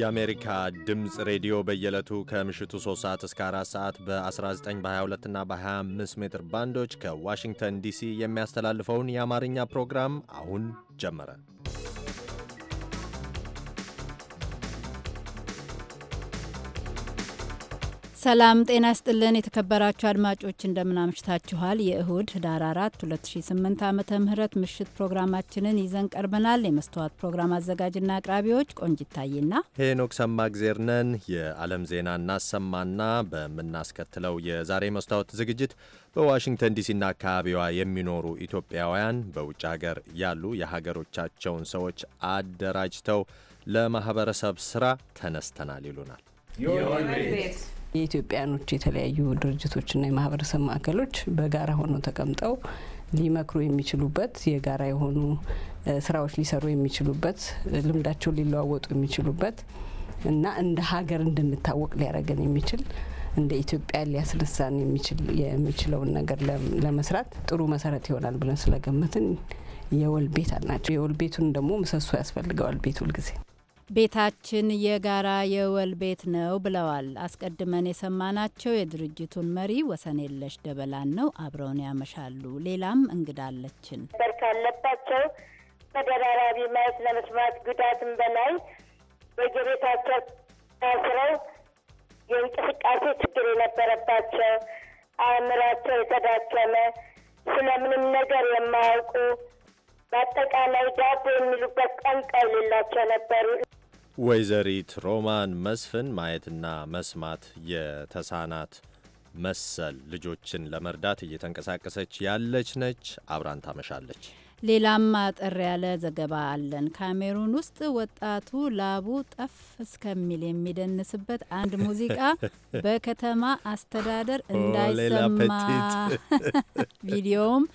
የአሜሪካ ድምፅ ሬዲዮ በየዕለቱ ከምሽቱ 3 ሰዓት እስከ 4 ሰዓት በ19 በ22 እና በ25 ሜትር ባንዶች ከዋሽንግተን ዲሲ የሚያስተላልፈውን የአማርኛ ፕሮግራም አሁን ጀመረ። ሰላም ጤና ስጥልን። የተከበራችሁ አድማጮች እንደምን አምሽታችኋል? የእሁድ ህዳር 4 2008 ዓ ም ምሽት ፕሮግራማችንን ይዘን ቀርበናል። የመስተዋት ፕሮግራም አዘጋጅና አቅራቢዎች ቆንጅ ታዬና ሄኖክ ሰማ እግዜር ነን። የዓለም ዜና እናሰማና በምናስከትለው የዛሬ መስታወት ዝግጅት በዋሽንግተን ዲሲና አካባቢዋ የሚኖሩ ኢትዮጵያውያን በውጭ ሀገር ያሉ የሀገሮቻቸውን ሰዎች አደራጅተው ለማህበረሰብ ስራ ተነስተናል ይሉናል። የኢትዮጵያኖች የተለያዩ ድርጅቶችና የማህበረሰብ ማዕከሎች በጋራ ሆነው ተቀምጠው ሊመክሩ የሚችሉበት የጋራ የሆኑ ስራዎች ሊሰሩ የሚችሉበት ልምዳቸውን ሊለዋወጡ የሚችሉበት እና እንደ ሀገር እንድንታወቅ ሊያደርገን የሚችል እንደ ኢትዮጵያ ሊያስነሳን የሚችለውን ነገር ለመስራት ጥሩ መሰረት ይሆናል ብለን ስለገመትን የወል ቤት አልናቸው። የወል ቤቱን ደግሞ ምሰሶ ያስፈልገዋል። ቤት ሁልጊዜ ቤታችን የጋራ የወል ቤት ነው ብለዋል። አስቀድመን የሰማናቸው የድርጅቱን መሪ ወሰን የለሽ ደበላን ነው። አብረውን ያመሻሉ። ሌላም እንግዳለችን ካለባቸው ተደራራቢ ማየት ለመስማት ጉዳትም በላይ በየቤታቸው ታስረው የእንቅስቃሴ ችግር የነበረባቸው አእምሯቸው የተዳከመ ስለምንም ነገር የማያውቁ በአጠቃላይ ዳቦ የሚሉበት ቀን የሌላቸው ነበሩ። ወይዘሪት ሮማን መስፍን ማየትና መስማት የተሳናት መሰል ልጆችን ለመርዳት እየተንቀሳቀሰች ያለች ነች። አብራን ታመሻለች። ሌላም አጠር ያለ ዘገባ አለን። ካሜሩን ውስጥ ወጣቱ ላቡ ጠፍ እስከሚል የሚደንስበት አንድ ሙዚቃ በከተማ አስተዳደር እንዳይሰማ ቪዲዮውም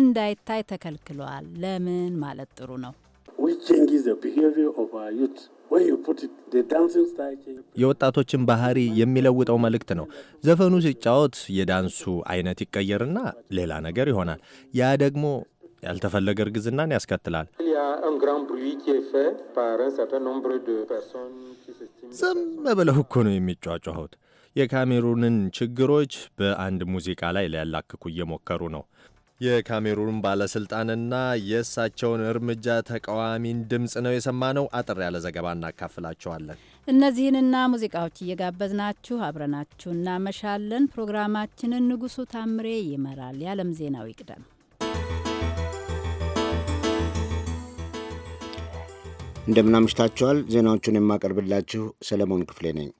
እንዳይታይ ተከልክሏል። ለምን ማለት ጥሩ ነው። የወጣቶችን ባህሪ የሚለውጠው መልእክት ነው። ዘፈኑ ሲጫወት የዳንሱ አይነት ይቀየርና ሌላ ነገር ይሆናል። ያ ደግሞ ያልተፈለገ እርግዝናን ያስከትላል። ዝም ብለው እኮ ነው የሚጫጫሁት። የካሜሩንን ችግሮች በአንድ ሙዚቃ ላይ ሊያላክኩ እየሞከሩ ነው። የካሜሩን ባለስልጣንና የእሳቸውን እርምጃ ተቃዋሚን ድምፅ ነው የሰማነው። አጠር ያለ ዘገባ እናካፍላችኋለን። እነዚህንና ሙዚቃዎች እየጋበዝናችሁ አብረናችሁ እናመሻለን። ፕሮግራማችንን ንጉሱ ታምሬ ይመራል። የዓለም ዜናው ይቅደም። እንደምናምሽታችኋል። ዜናዎቹን የማቀርብላችሁ ሰለሞን ክፍሌ ነኝ።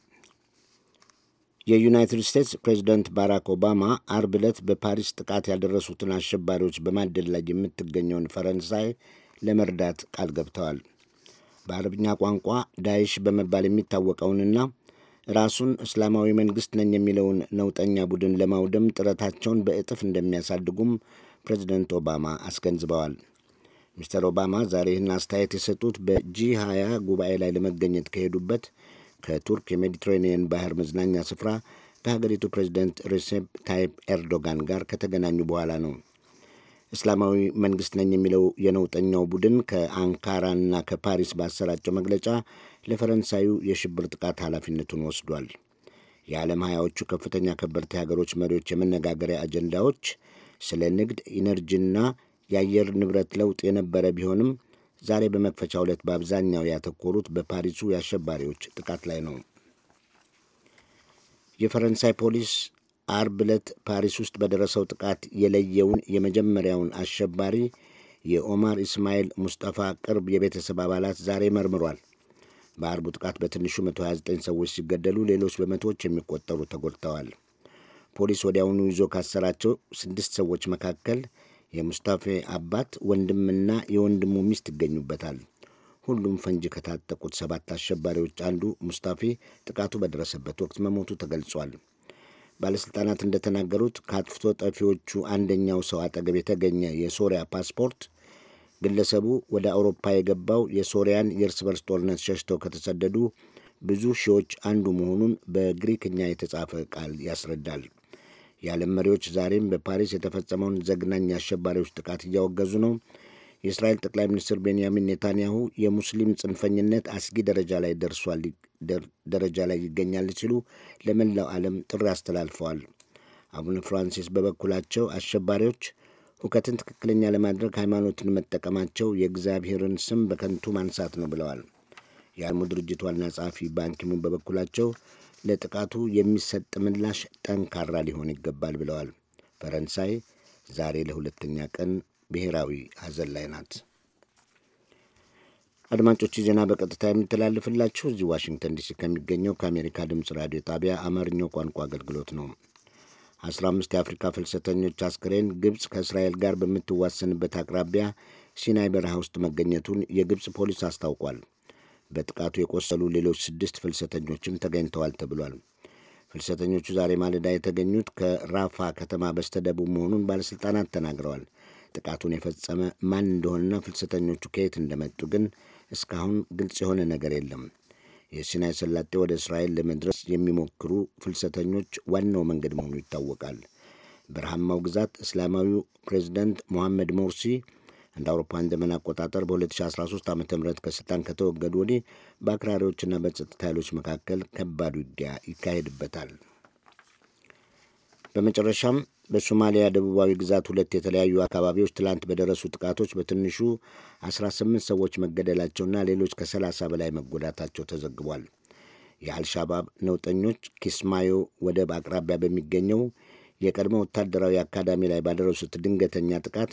የዩናይትድ ስቴትስ ፕሬዚደንት ባራክ ኦባማ አርብ ዕለት በፓሪስ ጥቃት ያደረሱትን አሸባሪዎች በማደል ላይ የምትገኘውን ፈረንሳይ ለመርዳት ቃል ገብተዋል። በአረብኛ ቋንቋ ዳይሽ በመባል የሚታወቀውንና ራሱን እስላማዊ መንግሥት ነኝ የሚለውን ነውጠኛ ቡድን ለማውደም ጥረታቸውን በእጥፍ እንደሚያሳድጉም ፕሬዚደንት ኦባማ አስገንዝበዋል። ሚስተር ኦባማ ዛሬ ይህን አስተያየት የሰጡት በጂ 20 ጉባኤ ላይ ለመገኘት ከሄዱበት ከቱርክ የሜዲትሬኒየን ባህር መዝናኛ ስፍራ ከሀገሪቱ ፕሬዚደንት ሬሴፕ ታይፕ ኤርዶጋን ጋር ከተገናኙ በኋላ ነው። እስላማዊ መንግስት ነኝ የሚለው የነውጠኛው ቡድን ከአንካራና ከፓሪስ ባሰራጨው መግለጫ ለፈረንሳዩ የሽብር ጥቃት ኃላፊነቱን ወስዷል። የዓለም ሀያዎቹ ከፍተኛ ከበርቴ ሀገሮች መሪዎች የመነጋገሪያ አጀንዳዎች ስለ ንግድ ኢነርጂና የአየር ንብረት ለውጥ የነበረ ቢሆንም ዛሬ በመክፈቻ ዕለት በአብዛኛው ያተኮሩት በፓሪሱ የአሸባሪዎች ጥቃት ላይ ነው። የፈረንሳይ ፖሊስ አርብ ዕለት ፓሪስ ውስጥ በደረሰው ጥቃት የለየውን የመጀመሪያውን አሸባሪ የኦማር ኢስማኤል ሙስጠፋ ቅርብ የቤተሰብ አባላት ዛሬ መርምሯል። በአርቡ ጥቃት በትንሹ 129 ሰዎች ሲገደሉ ሌሎች በመቶዎች የሚቆጠሩ ተጎድተዋል። ፖሊስ ወዲያውኑ ይዞ ካሰራቸው ስድስት ሰዎች መካከል የሙስታፌ አባት ወንድምና የወንድሙ ሚስት ይገኙበታል። ሁሉም ፈንጂ ከታጠቁት ሰባት አሸባሪዎች አንዱ ሙስታፌ ጥቃቱ በደረሰበት ወቅት መሞቱ ተገልጿል። ባለሥልጣናት እንደተናገሩት ከአጥፍቶ ጠፊዎቹ አንደኛው ሰው አጠገብ የተገኘ የሶሪያ ፓስፖርት ግለሰቡ ወደ አውሮፓ የገባው የሶሪያን የእርስ በርስ ጦርነት ሸሽተው ከተሰደዱ ብዙ ሺዎች አንዱ መሆኑን በግሪክኛ የተጻፈ ቃል ያስረዳል። የዓለም መሪዎች ዛሬም በፓሪስ የተፈጸመውን ዘግናኝ አሸባሪዎች ጥቃት እያወገዙ ነው። የእስራኤል ጠቅላይ ሚኒስትር ቤንያሚን ኔታንያሁ የሙስሊም ጽንፈኝነት አስጊ ደረጃ ላይ ደርሷል ደረጃ ላይ ይገኛል ሲሉ ለመላው ዓለም ጥሪ አስተላልፈዋል። አቡነ ፍራንሲስ በበኩላቸው አሸባሪዎች ሁከትን ትክክለኛ ለማድረግ ሃይማኖትን መጠቀማቸው የእግዚአብሔርን ስም በከንቱ ማንሳት ነው ብለዋል። የዓለሙ ድርጅት ዋና ጸሐፊ ባንኪሙን በበኩላቸው ለጥቃቱ የሚሰጥ ምላሽ ጠንካራ ሊሆን ይገባል ብለዋል። ፈረንሳይ ዛሬ ለሁለተኛ ቀን ብሔራዊ ሐዘን ላይ ናት። አድማጮች ዜና በቀጥታ የሚተላለፍላችሁ እዚህ ዋሽንግተን ዲሲ ከሚገኘው ከአሜሪካ ድምፅ ራዲዮ ጣቢያ አማርኛው ቋንቋ አገልግሎት ነው። አስራ አምስት የአፍሪካ ፍልሰተኞች አስክሬን ግብፅ ከእስራኤል ጋር በምትዋሰንበት አቅራቢያ ሲናይ በረሃ ውስጥ መገኘቱን የግብፅ ፖሊስ አስታውቋል። በጥቃቱ የቆሰሉ ሌሎች ስድስት ፍልሰተኞችም ተገኝተዋል ተብሏል። ፍልሰተኞቹ ዛሬ ማለዳ የተገኙት ከራፋ ከተማ በስተደቡብ መሆኑን ባለሥልጣናት ተናግረዋል። ጥቃቱን የፈጸመ ማን እንደሆነና ፍልሰተኞቹ ከየት እንደመጡ ግን እስካሁን ግልጽ የሆነ ነገር የለም። የሲናይ ሰላጤ ወደ እስራኤል ለመድረስ የሚሞክሩ ፍልሰተኞች ዋናው መንገድ መሆኑ ይታወቃል። በረሃማው ግዛት እስላማዊው ፕሬዚደንት ሞሐመድ ሞርሲ እንደ አውሮፓን ዘመን አቆጣጠር በ2013 ዓ ም ከስልጣን ከተወገዱ ወዲህ በአክራሪዎችና በጸጥታ ኃይሎች መካከል ከባድ ውጊያ ይካሄድበታል። በመጨረሻም በሶማሊያ ደቡባዊ ግዛት ሁለት የተለያዩ አካባቢዎች ትላንት በደረሱ ጥቃቶች በትንሹ 18 ሰዎች መገደላቸውና ሌሎች ከ30 በላይ መጎዳታቸው ተዘግቧል። የአልሻባብ ነውጠኞች ኪስማዮ ወደብ አቅራቢያ በሚገኘው የቀድሞ ወታደራዊ አካዳሚ ላይ ባደረሱት ድንገተኛ ጥቃት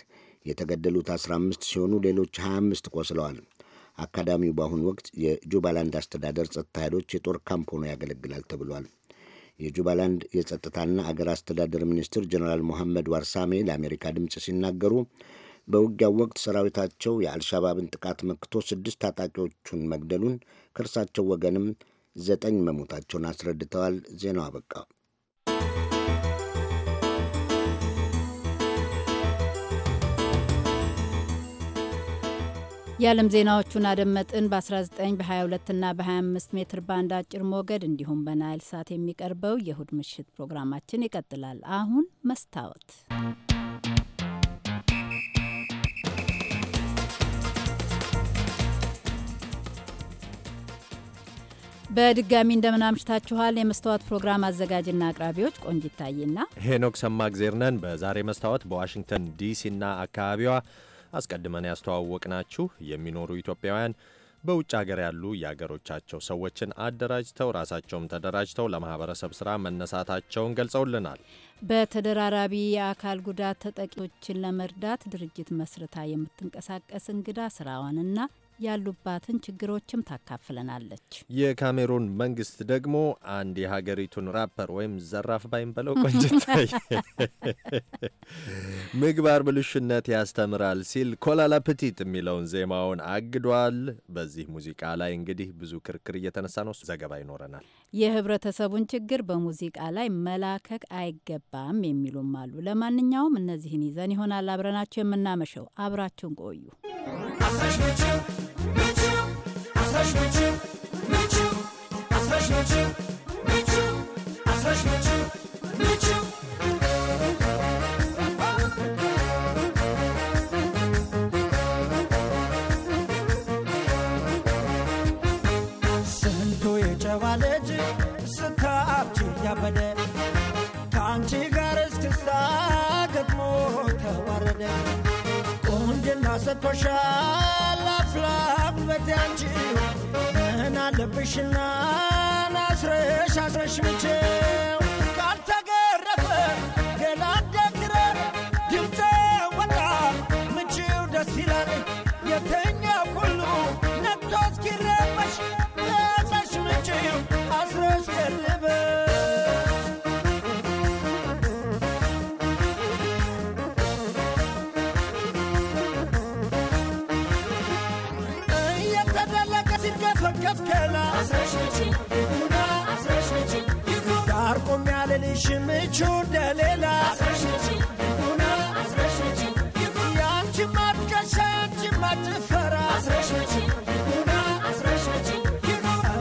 የተገደሉት 15 ሲሆኑ ሌሎች 25 ቆስለዋል። አካዳሚው በአሁኑ ወቅት የጁባላንድ አስተዳደር ጸጥታ ኃይሎች የጦር ካምፕ ሆኖ ያገለግላል ተብሏል። የጁባላንድ የጸጥታና አገር አስተዳደር ሚኒስትር ጀኔራል ሞሐመድ ዋርሳሜ ለአሜሪካ ድምፅ ሲናገሩ በውጊያው ወቅት ሰራዊታቸው የአልሻባብን ጥቃት መክቶ ስድስት ታጣቂዎቹን መግደሉን ከእርሳቸው ወገንም ዘጠኝ መሞታቸውን አስረድተዋል። ዜናው አበቃ። የዓለም ዜናዎቹን አደመጥን። በ19 በ22 እና በ25 ሜትር ባንድ አጭር ሞገድ እንዲሁም በናይል ሳት የሚቀርበው የእሁድ ምሽት ፕሮግራማችን ይቀጥላል። አሁን መስታወት በድጋሚ እንደምናምሽታችኋል። የመስታወት ፕሮግራም አዘጋጅና አቅራቢዎች ቆንጂት ታዬና ሄኖክ ሰማግዜርነን። በዛሬ መስታወት በዋሽንግተን ዲሲና አካባቢዋ አስቀድመን ያስተዋወቅናችሁ የሚኖሩ ኢትዮጵያውያን በውጭ ሀገር ያሉ የአገሮቻቸው ሰዎችን አደራጅተው ራሳቸውም ተደራጅተው ለማህበረሰብ ስራ መነሳታቸውን ገልጸውልናል። በተደራራቢ የአካል ጉዳት ተጠቂዎችን ለመርዳት ድርጅት መስርታ የምትንቀሳቀስ እንግዳ ስራዋንና ያሉባትን ችግሮችም ታካፍለናለች። የካሜሩን መንግስት ደግሞ አንድ የሀገሪቱን ራፐር ወይም ዘራፍ ባይም በለው ቆንጅታይ ምግባር ብልሽነት ያስተምራል ሲል ኮላላ ፕቲት የሚለውን ዜማውን አግዷል። በዚህ ሙዚቃ ላይ እንግዲህ ብዙ ክርክር እየተነሳ ነው። ዘገባ ይኖረናል። የህብረተሰቡን ችግር በሙዚቃ ላይ መላከክ አይገባም የሚሉም አሉ። ለማንኛውም እነዚህን ይዘን ይሆናል አብረናቸው የምናመሸው። አብራችሁን ቆዩ። Thank you. ሰጥቶሻል አፍላበት ያንቺ ምን አለብሽና ናስረሽ አስረሽ ምቼው ካልተገረፈ ገና ደግረ ድምፀ ወጣ ምችው ደስ ይላል የተኛ ሁሉ ነቶ ። እስኪረበሽ አስረሽ ዳር ቆሜ አልልሽም እጁን ለሌላ ያንቺማ አትቀሻ ያንቺማ አትፈራ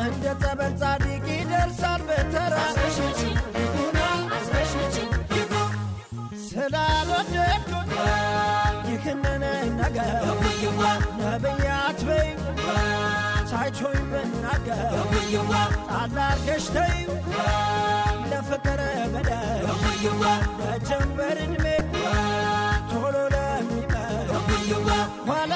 እንደ ጸበል ጻድቅ ይደርሳል በተራ ስላልወደድኩት ይህንን በይ ሳይቾይ በናገር ታላቅሽ ተዩ ለፍቅር በደ ለጀንበር ዕድሜ ቶሎ ለሚመ ኋላ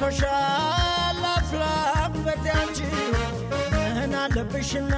ሰጥቶሻል አፍላ ውበት ምን አለብሽና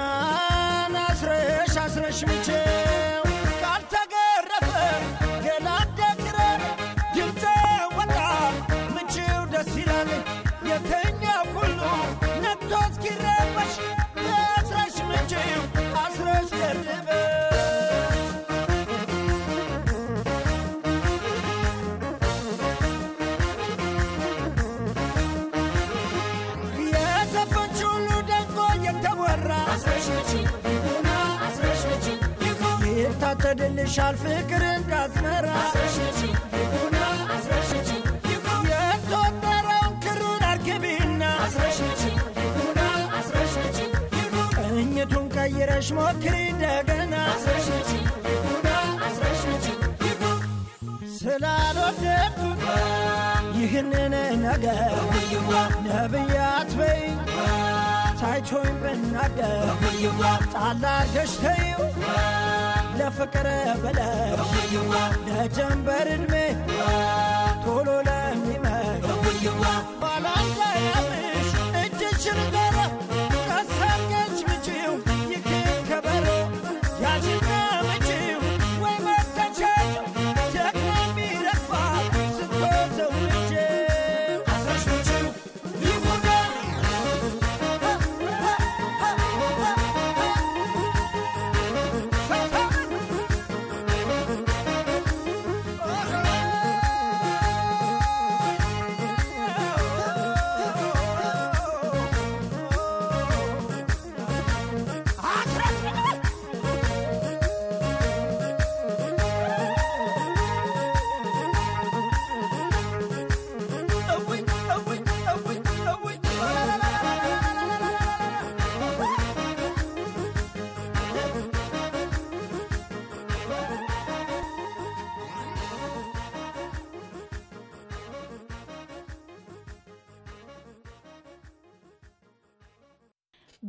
ሆይ ብናደር ጣላ ለፍቅር ብለ ለጀንበር ዕድሜ ቶሎ ለሚመ ባላንዳ ያምሽ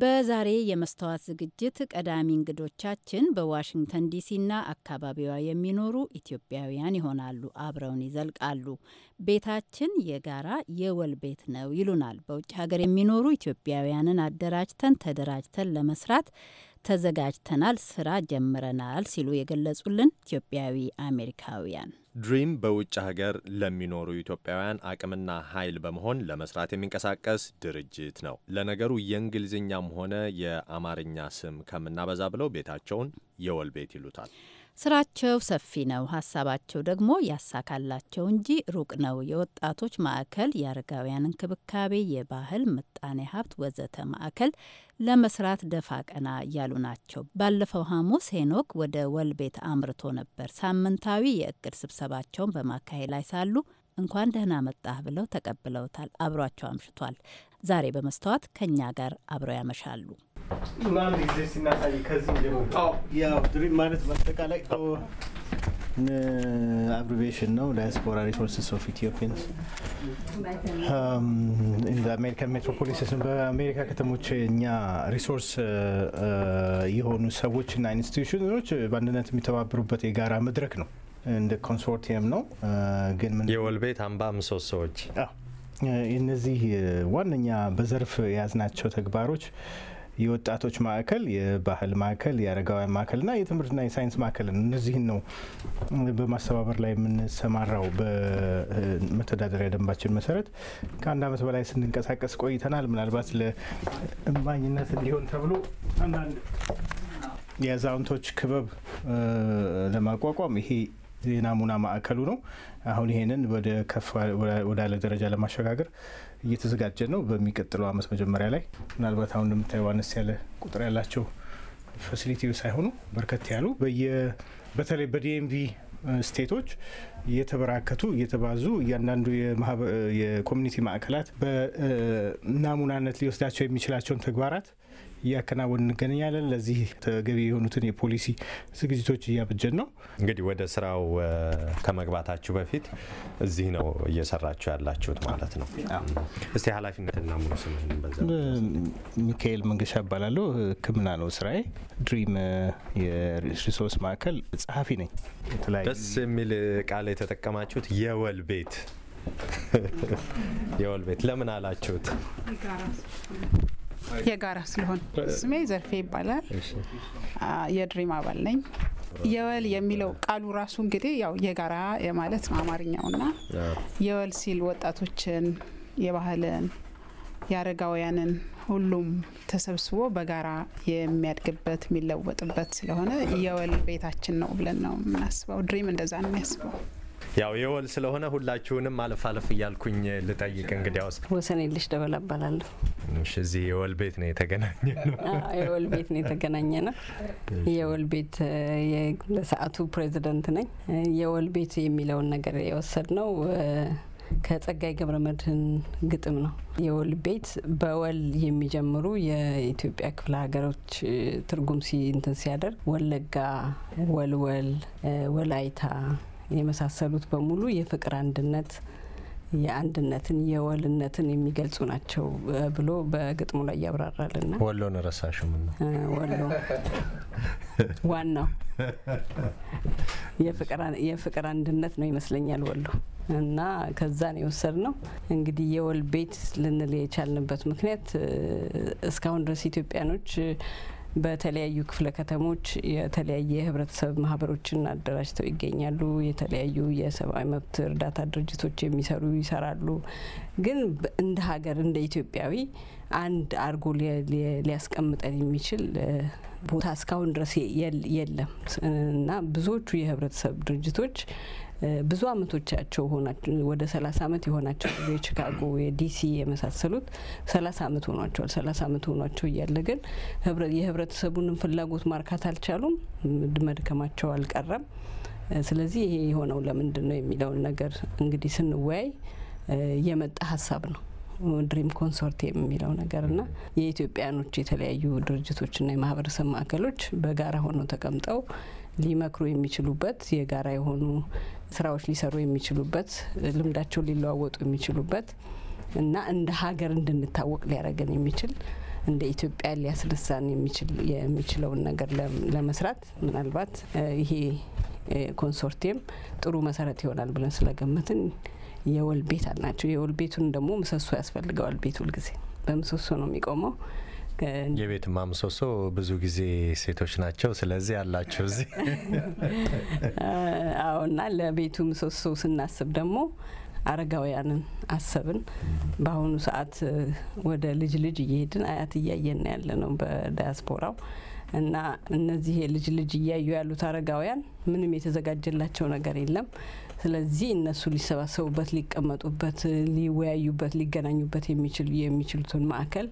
በዛሬ የመስተዋት ዝግጅት ቀዳሚ እንግዶቻችን በዋሽንግተን ዲሲና አካባቢዋ የሚኖሩ ኢትዮጵያውያን ይሆናሉ። አብረውን ይዘልቃሉ። ቤታችን የጋራ የወል ቤት ነው ይሉናል። በውጭ ሀገር የሚኖሩ ኢትዮጵያውያንን አደራጅተን ተደራጅተን ለመስራት ተዘጋጅተናል፣ ስራ ጀምረናል ሲሉ የገለጹልን ኢትዮጵያዊ አሜሪካውያን ድሪም በውጭ ሀገር ለሚኖሩ ኢትዮጵያውያን አቅምና ኃይል በመሆን ለመስራት የሚንቀሳቀስ ድርጅት ነው። ለነገሩ የእንግሊዝኛም ሆነ የአማርኛ ስም ከምናበዛ ብለው ቤታቸውን የወል ቤት ይሉታል። ስራቸው ሰፊ ነው፣ ሀሳባቸው ደግሞ ያሳካላቸው እንጂ ሩቅ ነው። የወጣቶች ማዕከል፣ የአረጋውያን እንክብካቤ፣ የባህል ምጣኔ ሀብት ወዘተ ማዕከል ለመስራት ደፋ ቀና እያሉ ናቸው። ባለፈው ሐሙስ ሄኖክ ወደ ወልቤት አምርቶ ነበር። ሳምንታዊ የእቅድ ስብሰባቸውን በማካሄድ ላይ ሳሉ እንኳን ደህና መጣህ ብለው ተቀብለውታል። አብሯቸው አምሽቷል። ዛሬ በመስተዋት ከእኛ ጋር አብረው ያመሻሉ። ማለት ጊዜ ሲናሳይ ከዚህ በአጠቃላይ አብሪቬሽን ነው ዳያስፖራ ሪሶርስስ ኦፍ ኢትዮጵያንስ አሜሪካን ሜትሮፖሊስስ በአሜሪካ ከተሞች እኛ ሪሶርስ የሆኑ ሰዎችና ኢንስቲቱሽኖች በአንድነት የሚተባበሩበት የጋራ መድረክ ነው። እንደ ኮንሶርቲየም ነው። ግን የወል ቤት አምባ ምሰሶዎች እነዚህ ዋነኛ በዘርፍ የያዝናቸው ተግባሮች የወጣቶች ማዕከል፣ የባህል ማዕከል፣ የአረጋውያን ማዕከልና የትምህርትና የሳይንስ ማዕከል እነዚህን ነው በማስተባበር ላይ የምንሰማራው። በመተዳደሪያ ደንባችን መሰረት ከአንድ አመት በላይ ስንንቀሳቀስ ቆይተናል። ምናልባት ለእማኝነት እንዲሆን ተብሎ አንዳንድ የአዛውንቶች ክበብ ለማቋቋም ይሄ የናሙና ማዕከሉ ነው። አሁን ይሄንን ወደ ከፍ ወዳለ ደረጃ ለማሸጋገር እየተዘጋጀ ነው። በሚቀጥለው ዓመት መጀመሪያ ላይ ምናልባት አሁን እንደምታየው አነስ ያለ ቁጥር ያላቸው ፋሲሊቲ ሳይሆኑ በርከት ያሉ በተለይ በዲኤምቪ ስቴቶች እየተበራከቱ እየተባዙ እያንዳንዱ የኮሚኒቲ ማዕከላት በናሙናነት ሊወስዳቸው የሚችላቸውን ተግባራት እያከናወን እንገኛለን። ለዚህ ተገቢ የሆኑትን የፖሊሲ ዝግጅቶች እያበጀን ነው። እንግዲህ ወደ ስራው ከመግባታችሁ በፊት እዚህ ነው እየሰራችሁ ያላችሁት ማለት ነው። እስቲ ኃላፊነትና ሙሉ ስምህን በዛ። ሚካኤል መንገሻ እባላለሁ። ሕክምና ነው ስራዬ። ድሪም የሪሶርስ ማዕከል ጸሐፊ ነኝ። ደስ የሚል ቃል የተጠቀማችሁት የወል ቤት የወል ቤት ለምን አላችሁት? የጋራ ስለሆነ። ስሜ ዘርፌ ይባላል። የድሪም አባል ነኝ። የወል የሚለው ቃሉ ራሱ እንግዲህ ያው የጋራ የማለት ነው ና የወል ሲል ወጣቶችን፣ የባህልን፣ የአረጋውያንን ሁሉም ተሰብስቦ በጋራ የሚያድግበት የሚለወጥበት ስለሆነ የወል ቤታችን ነው ብለን ነው የምናስበው። ድሪም እንደዛ ነው የሚያስበው። ያው የወል ስለሆነ ሁላችሁንም አለፍ አለፍ እያልኩኝ ልጠይቅ። እንግዲያውስ ወሰን የልሽ ደበላ እባላለሁ። እዚህ የወል ቤት ነው የተገናኘ ነው። የወል ቤት ነው የተገናኘ ነው። የወል ቤት ለሰዓቱ ፕሬዚደንት ነኝ። የወል ቤት የሚለውን ነገር የወሰድ ነው ከጸጋይ ገብረ መድህን ግጥም ነው። የወል ቤት በወል የሚጀምሩ የኢትዮጵያ ክፍለ ሀገሮች ትርጉም ሲንትን ሲያደርግ ወለጋ፣ ወልወል፣ ወላይታ የመሳሰሉት በሙሉ የፍቅር አንድነት የአንድነትን የወልነትን የሚገልጹ ናቸው ብሎ በግጥሙ ላይ ያብራራልና ወሎን ረሳሹ ወሎ ዋናው የፍቅር አንድነት ነው ይመስለኛል ወሎ እና ከዛ ነው የወሰድ ነው እንግዲህ የወል ቤት ልንል የቻልንበት ምክንያት እስካሁን ድረስ ኢትዮጵያኖች በተለያዩ ክፍለ ከተሞች የተለያየ ህብረተሰብ ማህበሮችን አደራጅተው ይገኛሉ። የተለያዩ የሰብአዊ መብት እርዳታ ድርጅቶች የሚሰሩ ይሰራሉ። ግን እንደ ሀገር እንደ ኢትዮጵያዊ አንድ አርጎ ሊያስቀምጠን የሚችል ቦታ እስካሁን ድረስ የለም እና ብዙዎቹ የህብረተሰብ ድርጅቶች ብዙ አመቶቻቸው ወደ ሰላሳ አመት የሆናቸው ጊዜ የቺካጎ የዲሲ የመሳሰሉት ሰላሳ አመት ሆኗቸዋል። ሰላሳ አመት ሆኗቸው እያለ ግን የህብረተሰቡንም ፍላጎት ማርካት አልቻሉም። መድከማቸው አልቀረም። ስለዚህ ይሄ የሆነው ለምንድን ነው የሚለውን ነገር እንግዲህ ስንወያይ የመጣ ሀሳብ ነው። ድሪም ኮንሶርቲየም የሚለው ነገር ና የኢትዮጵያኖች የተለያዩ ድርጅቶችና የማህበረሰብ ማዕከሎች በጋራ ሆነው ተቀምጠው ሊመክሩ የሚችሉበት የጋራ የሆኑ ስራዎች ሊሰሩ የሚችሉበት ልምዳቸው ሊለዋወጡ የሚችሉበት እና እንደ ሀገር እንድንታወቅ ሊያደርገን የሚችል እንደ ኢትዮጵያ ሊያስደሳን የሚችለውን ነገር ለመስራት ምናልባት ይሄ ኮንሶርቲየም ጥሩ መሰረት ይሆናል ብለን ስለገመትን የወል ቤት አልናቸው። የወል ቤቱን ደግሞ ምሰሶ ያስፈልገዋል። ቤት ሁልጊዜ በምሰሶ ነው የሚቆመው። የቤት ማምሶሶ ብዙ ጊዜ ሴቶች ናቸው። ስለዚህ ያላቸው እዚህ እና ለቤቱ ምሰሶ ስናስብ ደግሞ አረጋውያንን አሰብን። በአሁኑ ሰዓት ወደ ልጅ ልጅ እየሄድን አያት እያየን ያለ ነው በዳያስፖራው እና እነዚህ የልጅ ልጅ እያዩ ያሉት አረጋውያን ምንም የተዘጋጀላቸው ነገር የለም። ስለዚህ እነሱ ሊሰባሰቡበት፣ ሊቀመጡበት፣ ሊወያዩበት፣ ሊገናኙበት የሚችል የሚችሉትን ማዕከል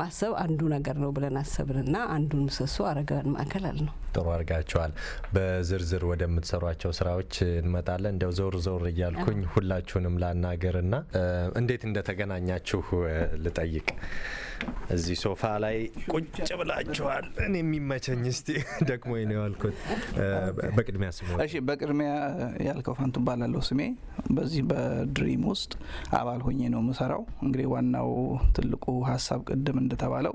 ማሰብ አንዱ ነገር ነው ብለን አሰብንና አንዱን ምሰሶ አረጋን ማዕከል አል ነው። ጥሩ አድርጋችኋል። በዝርዝር ወደምትሰሯቸው ስራዎች እንመጣለን። እንደው ዞር ዞር እያልኩኝ ሁላችሁንም ላናገርና እንዴት እንደተገናኛችሁ ልጠይቅ። እዚህ ሶፋ ላይ ቁጭ ብላችኋል። እኔ የሚመቸኝ እስቲ ደግሞ ነው ያልኩት። በቅድሚያ ስሙ። እሺ፣ በቅድሚያ ያልከው ፋንቱ ባላለው ስሜ። በዚህ በድሪም ውስጥ አባል ሆኜ ነው የምሰራው። እንግዲህ ዋናው ትልቁ ሀሳብ ቅድም እንደተባለው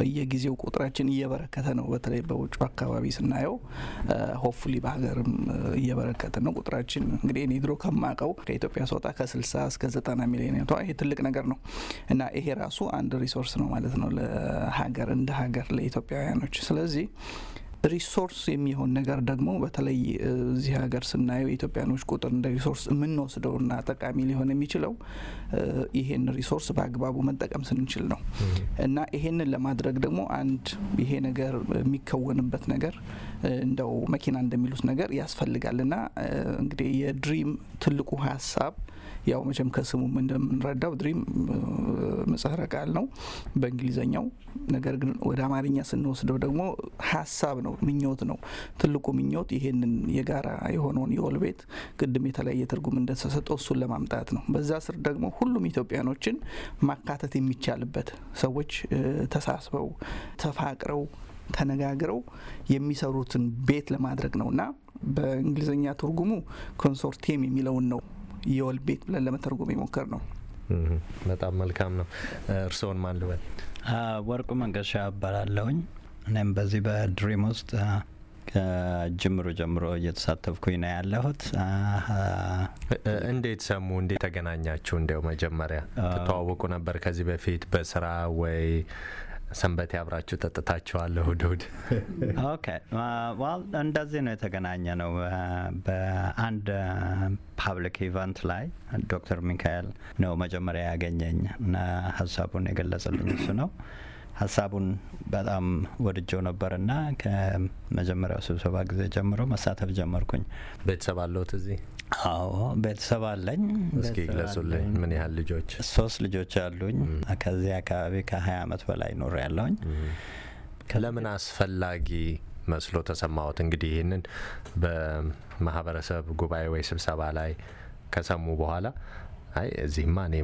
በየጊዜው ቁጥራችን እየበረከተ ነው። በተለይ በውጭ አካባቢ ስናየው ሆፍሊ በሀገርም እየበረከተ ነው ቁጥራችን። እንግዲህ እኔ ድሮ ከማውቀው ከኢትዮጵያ ስወጣ ከ60 እስከ 90 ሚሊዮን ይሄ ትልቅ ነገር ነው እና ይሄ ራሱ አንድ ሪሶርስ ነው ነው ማለት ነው ለሀገር እንደ ሀገር ለኢትዮጵያውያኖች። ስለዚህ ሪሶርስ የሚሆን ነገር ደግሞ በተለይ እዚህ ሀገር ስናየው የኢትዮጵያኖች ቁጥር እንደ ሪሶርስ የምንወስደውና ጠቃሚ ሊሆን የሚችለው ይሄን ሪሶርስ በአግባቡ መጠቀም ስንችል ነው እና ይሄንን ለማድረግ ደግሞ አንድ ይሄ ነገር የሚከወንበት ነገር እንደው መኪና እንደሚሉት ነገር ያስፈልጋል እና እንግዲህ የድሪም ትልቁ ሀሳብ ያው መቼም ከስሙም እንደምንረዳው ድሪም ምጽረ ቃል ነው በእንግሊዘኛው። ነገር ግን ወደ አማርኛ ስንወስደው ደግሞ ሀሳብ ነው፣ ምኞት ነው። ትልቁ ምኞት ይሄንን የጋራ የሆነውን የወል ቤት ቅድም የተለያየ ትርጉም እንደተሰጠው እሱን ለማምጣት ነው። በዛ ስር ደግሞ ሁሉም ኢትዮጵያኖችን ማካተት የሚቻልበት ሰዎች ተሳስበው ተፋቅረው ተነጋግረው የሚሰሩትን ቤት ለማድረግ ነው እና በእንግሊዝኛ ትርጉሙ ኮንሶርቲየም የሚለውን ነው የወል ቤት ብለን ለመተርጎም የሞከር ነው። በጣም መልካም ነው። እርስዎን ማን ልበል? ወርቁ መንገሻ እባላለሁኝ። እኔም በዚህ በድሪም ውስጥ ከጅምሩ ጀምሮ እየተሳተፍኩኝ ነው ያለሁት። እንዴት ሰሙ? እንዴት ተገናኛችሁ? እንዲያው መጀመሪያ ተተዋወቁ ነበር ከዚህ በፊት በስራ ወይ ሰንበቴ አብራችሁ ጠጥታችኋል እሁድ እሁድ? እንደዚህ ነው የተገናኘ ነው። በአንድ ፓብሊክ ኢቨንት ላይ ዶክተር ሚካኤል ነው መጀመሪያ ያገኘኝ እና ሀሳቡን የገለጸልኝ እሱ ነው። ሀሳቡን በጣም ወድጀው ነበርና ከመጀመሪያው ስብሰባ ጊዜ ጀምሮ መሳተፍ ጀመርኩኝ። ቤተሰብ አለሁት እዚህ አዎ ቤተሰብ አለኝ። እስኪ ግለጹልኝ። ምን ያህል ልጆች? ሶስት ልጆች አሉኝ። ከዚህ አካባቢ ከሀያ አመት በላይ ኖር ያለውኝ። ለምን አስፈላጊ መስሎ ተሰማዎት? እንግዲህ ይህንን በማህበረሰብ ጉባኤ ወይ ስብሰባ ላይ ከሰሙ በኋላ አይ እዚህማ እኔ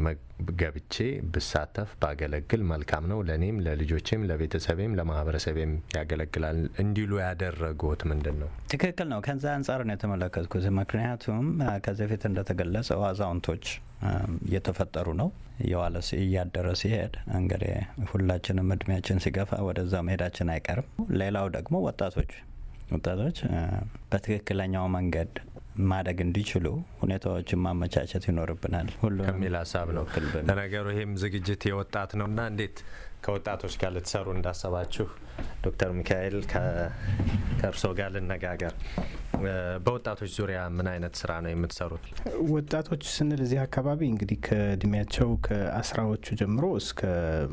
ገብቼ ብሳተፍ ባገለግል መልካም ነው፣ ለእኔም ለልጆቼም ለቤተሰቤም ለማህበረሰቤም ያገለግላል እንዲሉ ያደረጉት ምንድን ነው? ትክክል ነው። ከዛ አንጻር ነው የተመለከትኩት። ምክንያቱም ከዚህ በፊት እንደተገለጸው አዛውንቶች እየተፈጠሩ ነው። የዋለ እያደረ ሲሄድ እንግዲህ ሁላችንም እድሜያችን ሲገፋ ወደዛ መሄዳችን አይቀርም። ሌላው ደግሞ ወጣቶች ወጣቶች በትክክለኛው መንገድ ማደግ እንዲችሉ ሁኔታዎችን ማመቻቸት ይኖርብናል ከሚል ሀሳብ ነው። ለነገሩ ይህም ዝግጅት የወጣት ነው እና እንዴት ከወጣቶች ጋር ልትሰሩ እንዳሰባችሁ ዶክተር ሚካኤል ከእርሶ ጋር ልነጋገር። በወጣቶች ዙሪያ ምን አይነት ስራ ነው የምትሰሩት? ወጣቶች ስንል እዚህ አካባቢ እንግዲህ ከእድሜያቸው ከአስራዎቹ ጀምሮ እስከ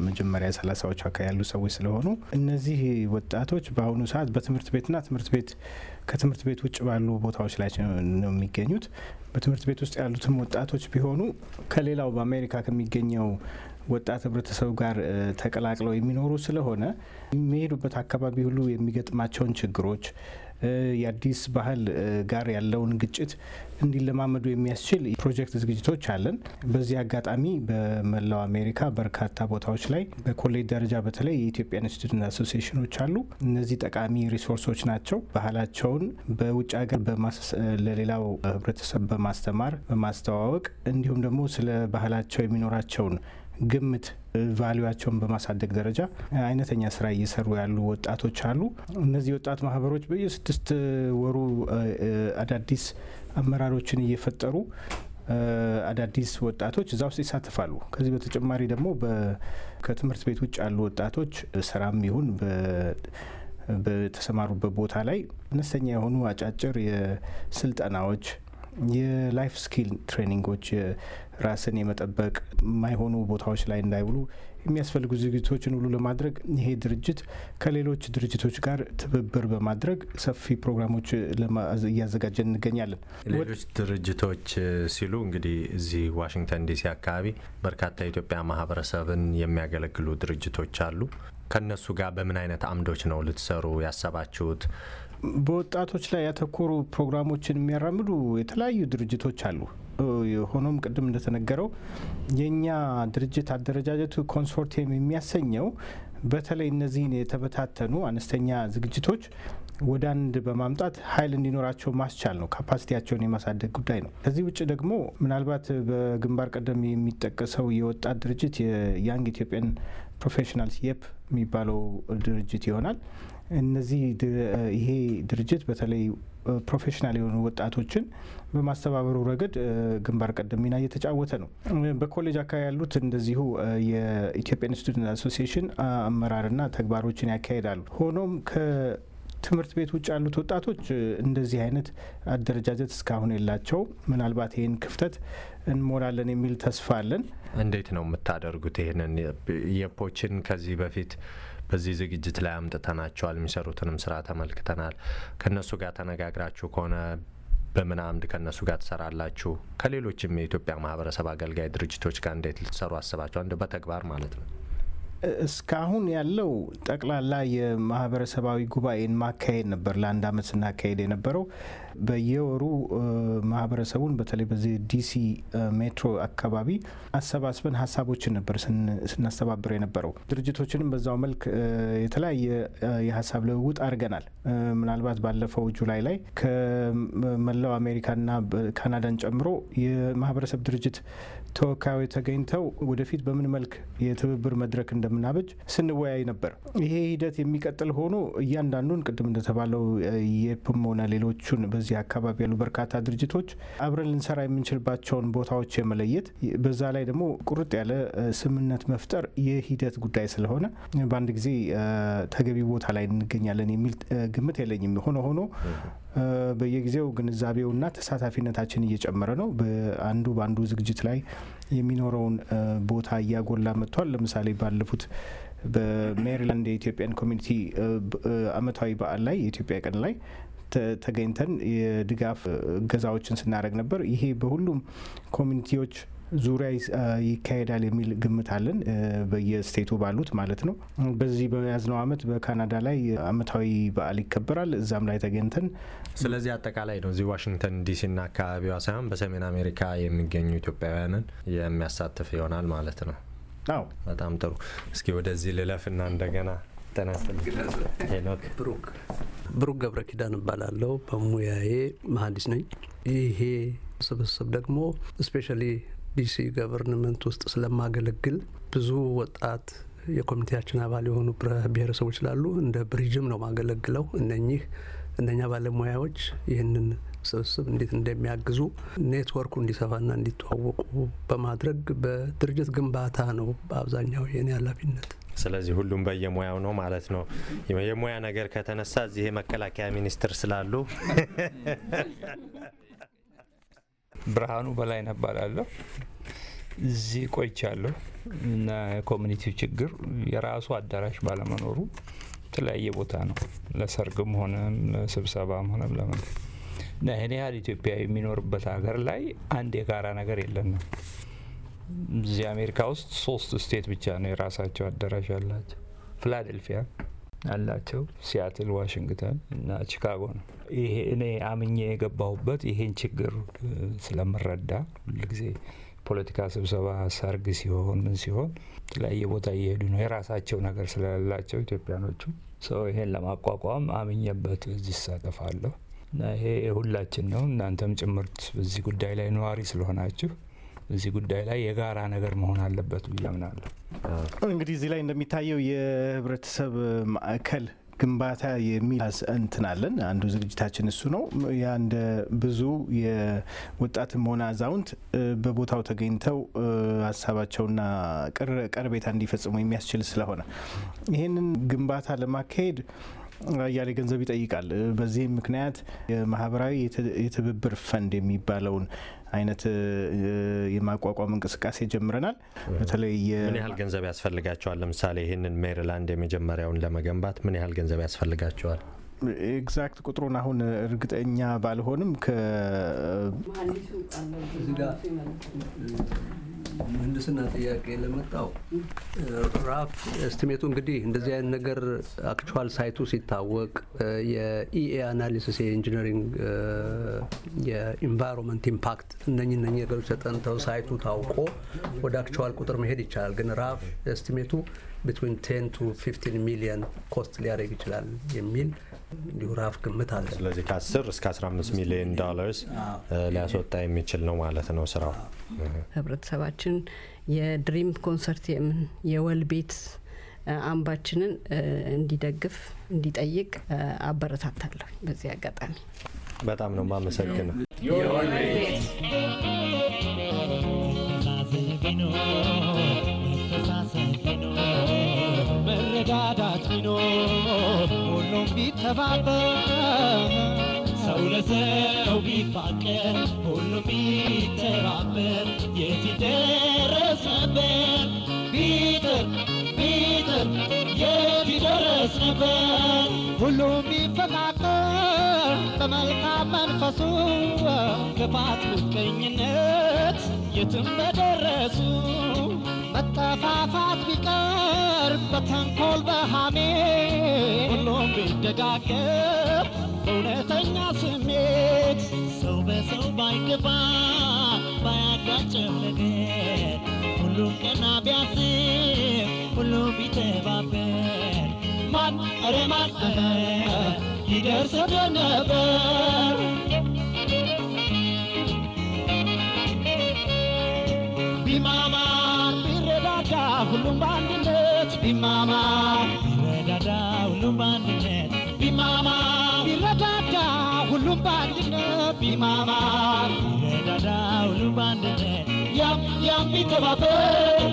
መጀመሪያ ሰላሳዎቹ አካባቢ ያሉ ሰዎች ስለሆኑ እነዚህ ወጣቶች በአሁኑ ሰዓት በትምህርት ቤትና ትምህርት ቤት ከትምህርት ቤት ውጭ ባሉ ቦታዎች ላይ ነው የሚገኙት። በትምህርት ቤት ውስጥ ያሉትም ወጣቶች ቢሆኑ ከሌላው በአሜሪካ ከሚገኘው ወጣት ህብረተሰብ ጋር ተቀላቅለው የሚኖሩ ስለሆነ የሚሄዱበት አካባቢ ሁሉ የሚገጥማቸውን ችግሮች የአዲስ ባህል ጋር ያለውን ግጭት እንዲለማመዱ የሚያስችል ፕሮጀክት ዝግጅቶች አለን። በዚህ አጋጣሚ በመላው አሜሪካ በርካታ ቦታዎች ላይ በኮሌጅ ደረጃ በተለይ የኢትዮጵያን ስቱደንት አሶሲሽኖች አሉ። እነዚህ ጠቃሚ ሪሶርሶች ናቸው። ባህላቸውን በውጭ ሀገር ለሌላው ህብረተሰብ በማስተማር በማስተዋወቅ እንዲሁም ደግሞ ስለ ባህላቸው የሚኖራቸውን ግምት ቫሊዋቸውን በማሳደግ ደረጃ አይነተኛ ስራ እየሰሩ ያሉ ወጣቶች አሉ። እነዚህ ወጣት ማህበሮች በየስድስት ወሩ አዳዲስ አመራሮችን እየፈጠሩ አዳዲስ ወጣቶች እዛ ውስጥ ይሳተፋሉ። ከዚህ በተጨማሪ ደግሞ ከትምህርት ቤት ውጭ ያሉ ወጣቶች ስራም ይሁን በተሰማሩበት ቦታ ላይ አነስተኛ የሆኑ አጫጭር የስልጠናዎች የላይፍ ስኪል ትሬኒንጎች ራስን የመጠበቅ የማይሆኑ ቦታዎች ላይ እንዳይውሉ የሚያስፈልጉ ዝግጅቶችን ሁሉ ለማድረግ ይሄ ድርጅት ከሌሎች ድርጅቶች ጋር ትብብር በማድረግ ሰፊ ፕሮግራሞች እያዘጋጀን እንገኛለን። ሌሎች ድርጅቶች ሲሉ እንግዲህ እዚህ ዋሽንግተን ዲሲ አካባቢ በርካታ የኢትዮጵያ ማህበረሰብን የሚያገለግሉ ድርጅቶች አሉ። ከእነሱ ጋር በምን አይነት አምዶች ነው ልትሰሩ ያሰባችሁት? በወጣቶች ላይ ያተኮሩ ፕሮግራሞችን የሚያራምዱ የተለያዩ ድርጅቶች አሉ። ሆኖም ቅድም እንደተነገረው የእኛ ድርጅት አደረጃጀቱ ኮንሶርቲየም የሚያሰኘው በተለይ እነዚህን የተበታተኑ አነስተኛ ዝግጅቶች ወደ አንድ በማምጣት ኃይል እንዲኖራቸው ማስቻል ነው። ካፓሲቲያቸውን የማሳደግ ጉዳይ ነው። ከዚህ ውጭ ደግሞ ምናልባት በግንባር ቀደም የሚጠቀሰው የወጣት ድርጅት የያንግ ኢትዮጵያን ፕሮፌሽናልስ የፕ የሚባለው ድርጅት ይሆናል። እነዚህ ይሄ ድርጅት በተለይ ፕሮፌሽናል የሆኑ ወጣቶችን በማስተባበሩ ረገድ ግንባር ቀደም ሚና እየተጫወተ ነው። በኮሌጅ አካባቢ ያሉት እንደዚሁ የኢትዮጵያ ስቱደንት አሶሲሽን አመራርና ተግባሮችን ያካሂዳሉ። ሆኖም ከትምህርት ቤት ውጭ ያሉት ወጣቶች እንደዚህ አይነት አደረጃጀት እስካሁን የላቸው ምናልባት ይህን ክፍተት እንሞላለን የሚል ተስፋ አለን። እንዴት ነው የምታደርጉት? ይህንን የፖችን ከዚህ በፊት በዚህ ዝግጅት ላይ አምጥተናቸዋል። የሚሰሩትንም ስራ ተመልክተናል። ከእነሱ ጋር ተነጋግራችሁ ከሆነ በምን አምድ ከእነሱ ጋር ትሰራላችሁ? ከሌሎችም የኢትዮጵያ ማህበረሰብ አገልጋይ ድርጅቶች ጋር እንዴት ልትሰሩ አስባችኋል? በተግባር ማለት ነው። እስካሁን ያለው ጠቅላላ የማህበረሰባዊ ጉባኤን ማካሄድ ነበር። ለአንድ ዓመት ስናካሄድ የነበረው በየወሩ ማህበረሰቡን በተለይ በዚህ ዲሲ ሜትሮ አካባቢ አሰባስበን ሀሳቦችን ነበር ስናስተባብር የነበረው። ድርጅቶችንም በዛው መልክ የተለያየ የሀሳብ ልውውጥ አድርገናል። ምናልባት ባለፈው ጁላይ ላይ ከመላው አሜሪካና ካናዳን ጨምሮ የማህበረሰብ ድርጅት ተወካዮች ተገኝተው ወደፊት በምን መልክ የትብብር መድረክ እንደምናበጅ ስንወያይ ነበር። ይሄ ሂደት የሚቀጥል ሆኖ እያንዳንዱን ቅድም እንደተባለው የፕም ሆነ ሌሎቹን በዚህ አካባቢ ያሉ በርካታ ድርጅቶች አብረን ልንሰራ የምንችልባቸውን ቦታዎች የመለየት በዛ ላይ ደግሞ ቁርጥ ያለ ስምምነት መፍጠር የሂደት ጉዳይ ስለሆነ በአንድ ጊዜ ተገቢ ቦታ ላይ እንገኛለን የሚል ግምት የለኝም። ሆነ ሆኖ በየጊዜው ግንዛቤውና ተሳታፊነታችን እየጨመረ ነው። በአንዱ በአንዱ ዝግጅት ላይ የሚኖረውን ቦታ እያጎላ መጥቷል። ለምሳሌ ባለፉት በሜሪላንድ የኢትዮጵያን ኮሚኒቲ አመታዊ በዓል ላይ የኢትዮጵያ ቀን ላይ ተገኝተን የድጋፍ እገዛዎችን ስናደርግ ነበር። ይሄ በሁሉም ኮሚኒቲዎች ዙሪያ ይካሄዳል የሚል ግምት አለን፣ በየስቴቱ ባሉት ማለት ነው። በዚህ በያዝነው አመት በካናዳ ላይ አመታዊ በዓል ይከበራል። እዛም ላይ ተገኝተን ስለዚህ አጠቃላይ ነው እዚህ ዋሽንግተን ዲሲና አካባቢዋ ሳይሆን በሰሜን አሜሪካ የሚገኙ ኢትዮጵያውያንን የሚያሳትፍ ይሆናል ማለት ነው። አዎ በጣም ጥሩ። እስኪ ወደዚህ ልለፍ እና እንደገና ብሩክ ብሩክ ገብረ ኪዳን እባላለሁ። በሙያዬ መሀንዲስ ነኝ። ይሄ ስብስብ ደግሞ ስፔሻሊ ዲሲ ገቨርንመንት ውስጥ ስለማገለግል ብዙ ወጣት የኮሚቴያችን አባል የሆኑ ብሔረሰቦች ላሉ እንደ ብሪጅም ነው ማገለግለው እነኚህ እነኛ ባለሙያዎች ይህንን ስብስብ እንዴት እንደሚያግዙ ኔትወርኩ እንዲሰፋና እንዲተዋወቁ በማድረግ በድርጅት ግንባታ ነው በአብዛኛው የኔ ኃላፊነት። ስለዚህ ሁሉም በየሙያው ነው ማለት ነው። የሙያ ነገር ከተነሳ እዚህ የመከላከያ ሚኒስትር ስላሉ ብርሃኑ በላይ ነባላለሁ። እዚህ ቆይቻለሁ እና የኮሚኒቲው ችግር የራሱ አዳራሽ ባለመኖሩ የተለያየ ቦታ ነው። ለሰርግም ሆነም ለስብሰባም ሆነም ለምን ይህን ያህል ኢትዮጵያ የሚኖርበት ሀገር ላይ አንድ የጋራ ነገር የለንም። እዚህ አሜሪካ ውስጥ ሶስት ስቴት ብቻ ነው የራሳቸው አዳራሽ ያላቸው። ፊላደልፊያ አላቸው፣ ሲያትል፣ ዋሽንግተን እና ቺካጎ ነው። ይሄ እኔ አምኜ የገባሁበት ይሄን ችግር ስለምረዳ ሁልጊዜ ፖለቲካ ስብሰባ፣ ሰርግ ሲሆን ምን ሲሆን የተለያየ ቦታ እየሄዱ ነው። የራሳቸው ነገር ስለሌላቸው ኢትዮጵያኖቹ ሰው ይሄን ለማቋቋም አምኜበት እዚህ እሳተፋለሁ እና ይሄ የሁላችን ነው። እናንተም ጭምርት በዚህ ጉዳይ ላይ ነዋሪ ስለሆናችሁ እዚህ ጉዳይ ላይ የጋራ ነገር መሆን አለበት ብዬ አምናለሁ። እንግዲህ እዚህ ላይ እንደሚታየው የህብረተሰብ ማዕከል ግንባታ የሚል እንትናለን አንዱ ዝግጅታችን እሱ ነው። ያ እንደ ብዙ የወጣትም ሆነ አዛውንት በቦታው ተገኝተው ሀሳባቸውና ቀርቤታ እንዲፈጽሙ የሚያስችል ስለሆነ ይህንን ግንባታ ለማካሄድ አያሌ ገንዘብ ይጠይቃል። በዚህም ምክንያት የማህበራዊ የትብብር ፈንድ የሚባለውን አይነት የማቋቋም እንቅስቃሴ ጀምረናል። በተለይ ምን ያህል ገንዘብ ያስፈልጋቸዋል? ለምሳሌ ይህንን ሜሪላንድ የመጀመሪያውን ለመገንባት ምን ያህል ገንዘብ ያስፈልጋቸዋል? ኤግዛክት ቁጥሩን አሁን እርግጠኛ ባልሆንም ምህንድስና ጥያቄ ለመጣው ራፍ ኤስቲሜቱ እንግዲህ እንደዚህ አይነት ነገር አክቹዋል ሳይቱ ሲታወቅ የኢኤ አናሊሲስ የኢንጂነሪንግ የኢንቫይሮንመንት ኢምፓክት እነኚህ እነ ነገሮች ተጠንተው ሳይቱ ታውቆ ወደ አክቹዋል ቁጥር መሄድ ይቻላል። ግን ራፍ ኤስቲሜቱ ቢትዊን ቴን ቱ ፊፍቲን ሚሊዮን ኮስት ሊያደርግ ይችላል የሚል እንዲሁ ራፍ ግምት አለ። ስለዚህ ከ10 እስከ 15 ሚሊዮን ዶላርስ ሊያስወጣ የሚችል ነው ማለት ነው ስራው። ህብረተሰባችን የድሪም ኮንሰርት የወል ቤት አምባችንን እንዲደግፍ እንዲጠይቅ አበረታታለሁ። በዚህ አጋጣሚ በጣም ነው ማመሰግነው። ቢተባበር ሰው ለሰው ቢፋቀር ሁሉ ቢተባበር የት ደረስ ነበር? ቢጥር ቢጥር የት ደረስ ነበር? ሁሉም ቢፈቃቀር በመልካም መንፈሱ ክፋት፣ ምቀኝነት የትም በደረሱ መጠፋፋት ቢቀር በተንኮል በሃሜ ሁሉም ቢደጋገፍ በእውነተኛ ስሜት ሰው በሰው ባይገባ ባያጋጨለገ ሁሉም ቀና ቢያስብ ሁሉም ቢተባበር ማን ኧረ ማን ይደርስ ነበር ሁሉም በአንድነት ቢማማ ቢረዳዳ ሁሉም በአንድነት ቢማማ ቢረዳዳ ሁሉም በአንድነት ቢማማ ቢረዳዳ ሁሉም በአንድነት ያም ያም ቢተባበር